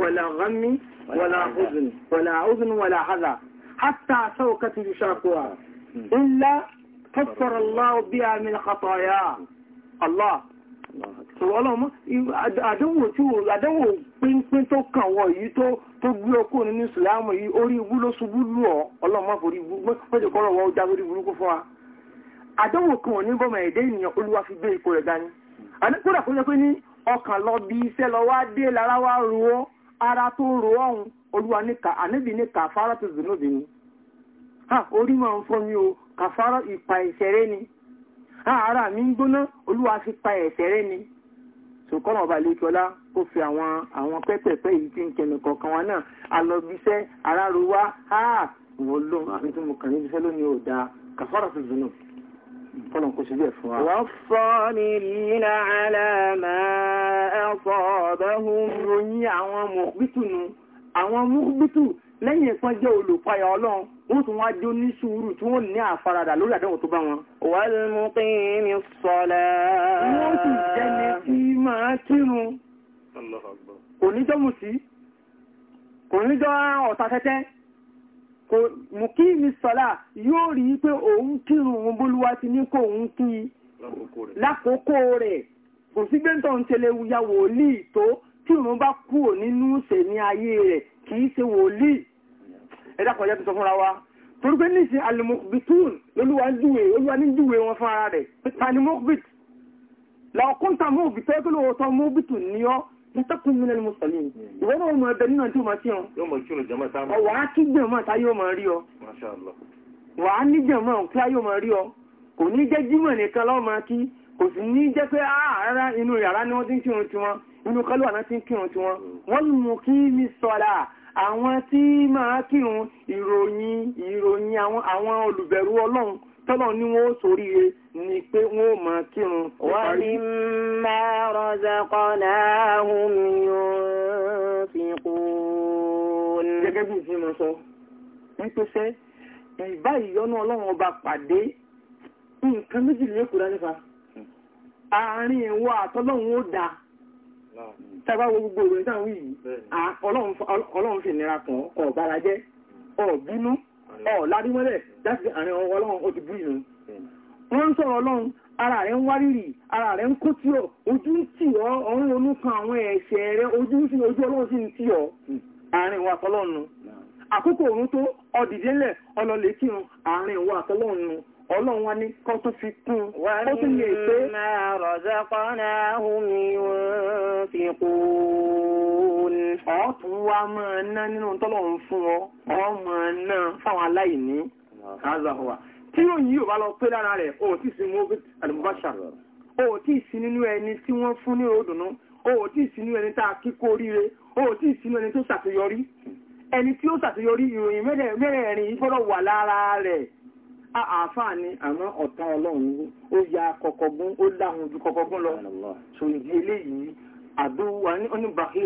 Speaker 1: wàlà ghami wàlà ọzùn wàlà ọzùn wàlà hàzà hátà sáwọ kàtí ju ṣàkóà ilá kọfọrọ láwọ bí a mi kàtọ̀yà allah sọ̀rọ̀ ọlọ́mọ àdánwò pínpín tó kàn wọ̀ yìí tó tó gbé ọkọ nínú ìsìlámù yìí orí ibú ló ṣubú lù ọ ọlọ́mọ forí ibú pẹ́jọ kọ́ lọ́wọ́ ọjà lórí burúkú fún wa àdánwò kan ní bọ́mọ ẹ̀dẹ́ ènìyàn olúwa fi gbé ipò rẹ̀ dání kódà kó jẹ́ pé ní ọkàn lọ bí iṣẹ́ lọ wá dé lára wá ro ọ́ ara tó ro ọ̀hún olúwa ní ká àníbi ní ká fara tó dùn lóbi ni orí máa ń fọ́ mi o kàfárọ̀ ìpa ẹ̀ṣẹ̀ rẹ ni ara mi ń gbóná olúwa fi pa ẹ̀ṣẹ̀ rẹ ni sòkòrò ọba lẹ́kọ́lá ó fi àwọn àwọn pẹ́pẹ́pẹ́ yìí tí ń kẹnu kọ̀ọ̀kan wọn náà a lọ aráàlú wá á wọ́n ló ń tí mo kàn ní bíṣẹ́ lónìí ò dáa kàfàrà tó dùnú kọ́nà kò sí bẹ́ẹ̀ fún wa. wọ́n fọ́ ni lílà àlàmà ẹ̀fọ́ ọ̀bẹ̀hún ròyìn àwọn mọ̀gbìtù nu àwọn mọ̀gbìtù lẹ́yìn ìpọ́n jẹ́ olùpayà ọlọ́run wọ́n tún wá jó ní tí wọ́n ní àfaradà lórí àdéhùn tó bá wọn. wal muqimi ssalah. wọ́n sì jẹ́ ní tí máa kírun kò níjọ́ mú sí kò níjọ́ ọ̀tà tẹ́tẹ́ kò mú kí ní sọ́lá yóò rí pé òun kírun bólúwá ti ní kò ń kí lákòókò rẹ̀ kò sí gbé tó ń tẹ́lẹ̀ wuya wòlíì tó tí òun bá kúrò nínú ìṣẹ̀mí ayé rẹ̀ kì í ṣe wòlíì ẹ̀dá kọjá fúnra wa torí pé ní ìṣe alimokbitun lolúwa júwe olúwa ní júwe wọn fún ara rẹ̀ ta ni mokbit làwọn kúńtà mú òbí tẹ́ kílò ọ̀tọ̀ mú bìtù ní ọ́ látàkùn mi lẹ́nu mùsùlùmí ìwọ́n náà mọ̀ ẹbẹ̀ nínú tí ó máa sí wọn. yóò mọ̀ ìṣòro jẹ́mọ́ sáà mọ́. ọ̀wà á kí jẹ́mọ́ tá yóò máa rí ọ. wà á ní jẹ́mọ́ tí a yóò máa rí ọ. kò ní jẹ́ jímọ̀ nìkan lọ́wọ́ máa kí kò sì ní jẹ́ pé àárá inú yàrá ni wọ́n ti ń kírun tiwọn inú kálọ̀ àná ti ń kírun tiwọn. wọ́n mú kí mi sọ̀rọ̀ àwọn tí ni pé wọ́n ò máa kírun. wa mimma razaqnahum yunfiqun. gẹ́gẹ́ bí ìsinmi sọ ń ìbá ìyọnu ọlọ́run ọba pàdé nǹkan méjì lè kúrò àárín ìwọ àtọ́lọ́run ó dà tábà wo gbogbo ìròyìn táwọn yìí ọlọ́run fi nira kan ọ̀bàlàjẹ́ ọ̀bínú ọ̀làdímọ́lẹ̀ láti àárín ọlọ́run ó ti bú ìrún wọ́n ń sọ̀rọ̀ ọlọ́run ara rẹ̀ ń wárìrì ara rẹ̀ ń kó tí ojú ń tì ọ̀run ronú àwọn ẹ̀ṣẹ̀ ojú ń sin ojú ọlọ́run sì ń tì ọ́ àárín ìwà àtọ́lọ́run àkókò òun tó ọdìdélẹ̀ ọlọ́lẹ̀ àárín ọlọ́run wá ní kọ́ tó fi kún ó tún lè pé fún ọ ọ máa ná fáwọn aláìní tí yóò yí ò bá lọ pé lára rẹ̀ o tí sí mú alìmọ̀báṣà o tí sí nínú ẹni tí wọ́n fún ní òdùnú o tí sí nínú ẹni tá a kíkó oríire o tí sí nínú ẹni tó ṣàṣeyọrí ẹni tí ó ṣàṣeyọrí ìròyìn mẹ́rẹ̀ẹ̀rin yìí gbọ́dọ̀ wà lára rẹ̀ àáfàá ni àmọ́ ọ̀tá ọlọ́run ó ya kọ̀kọ̀gún ó dáhùn ju kọ̀kọ̀gún lọ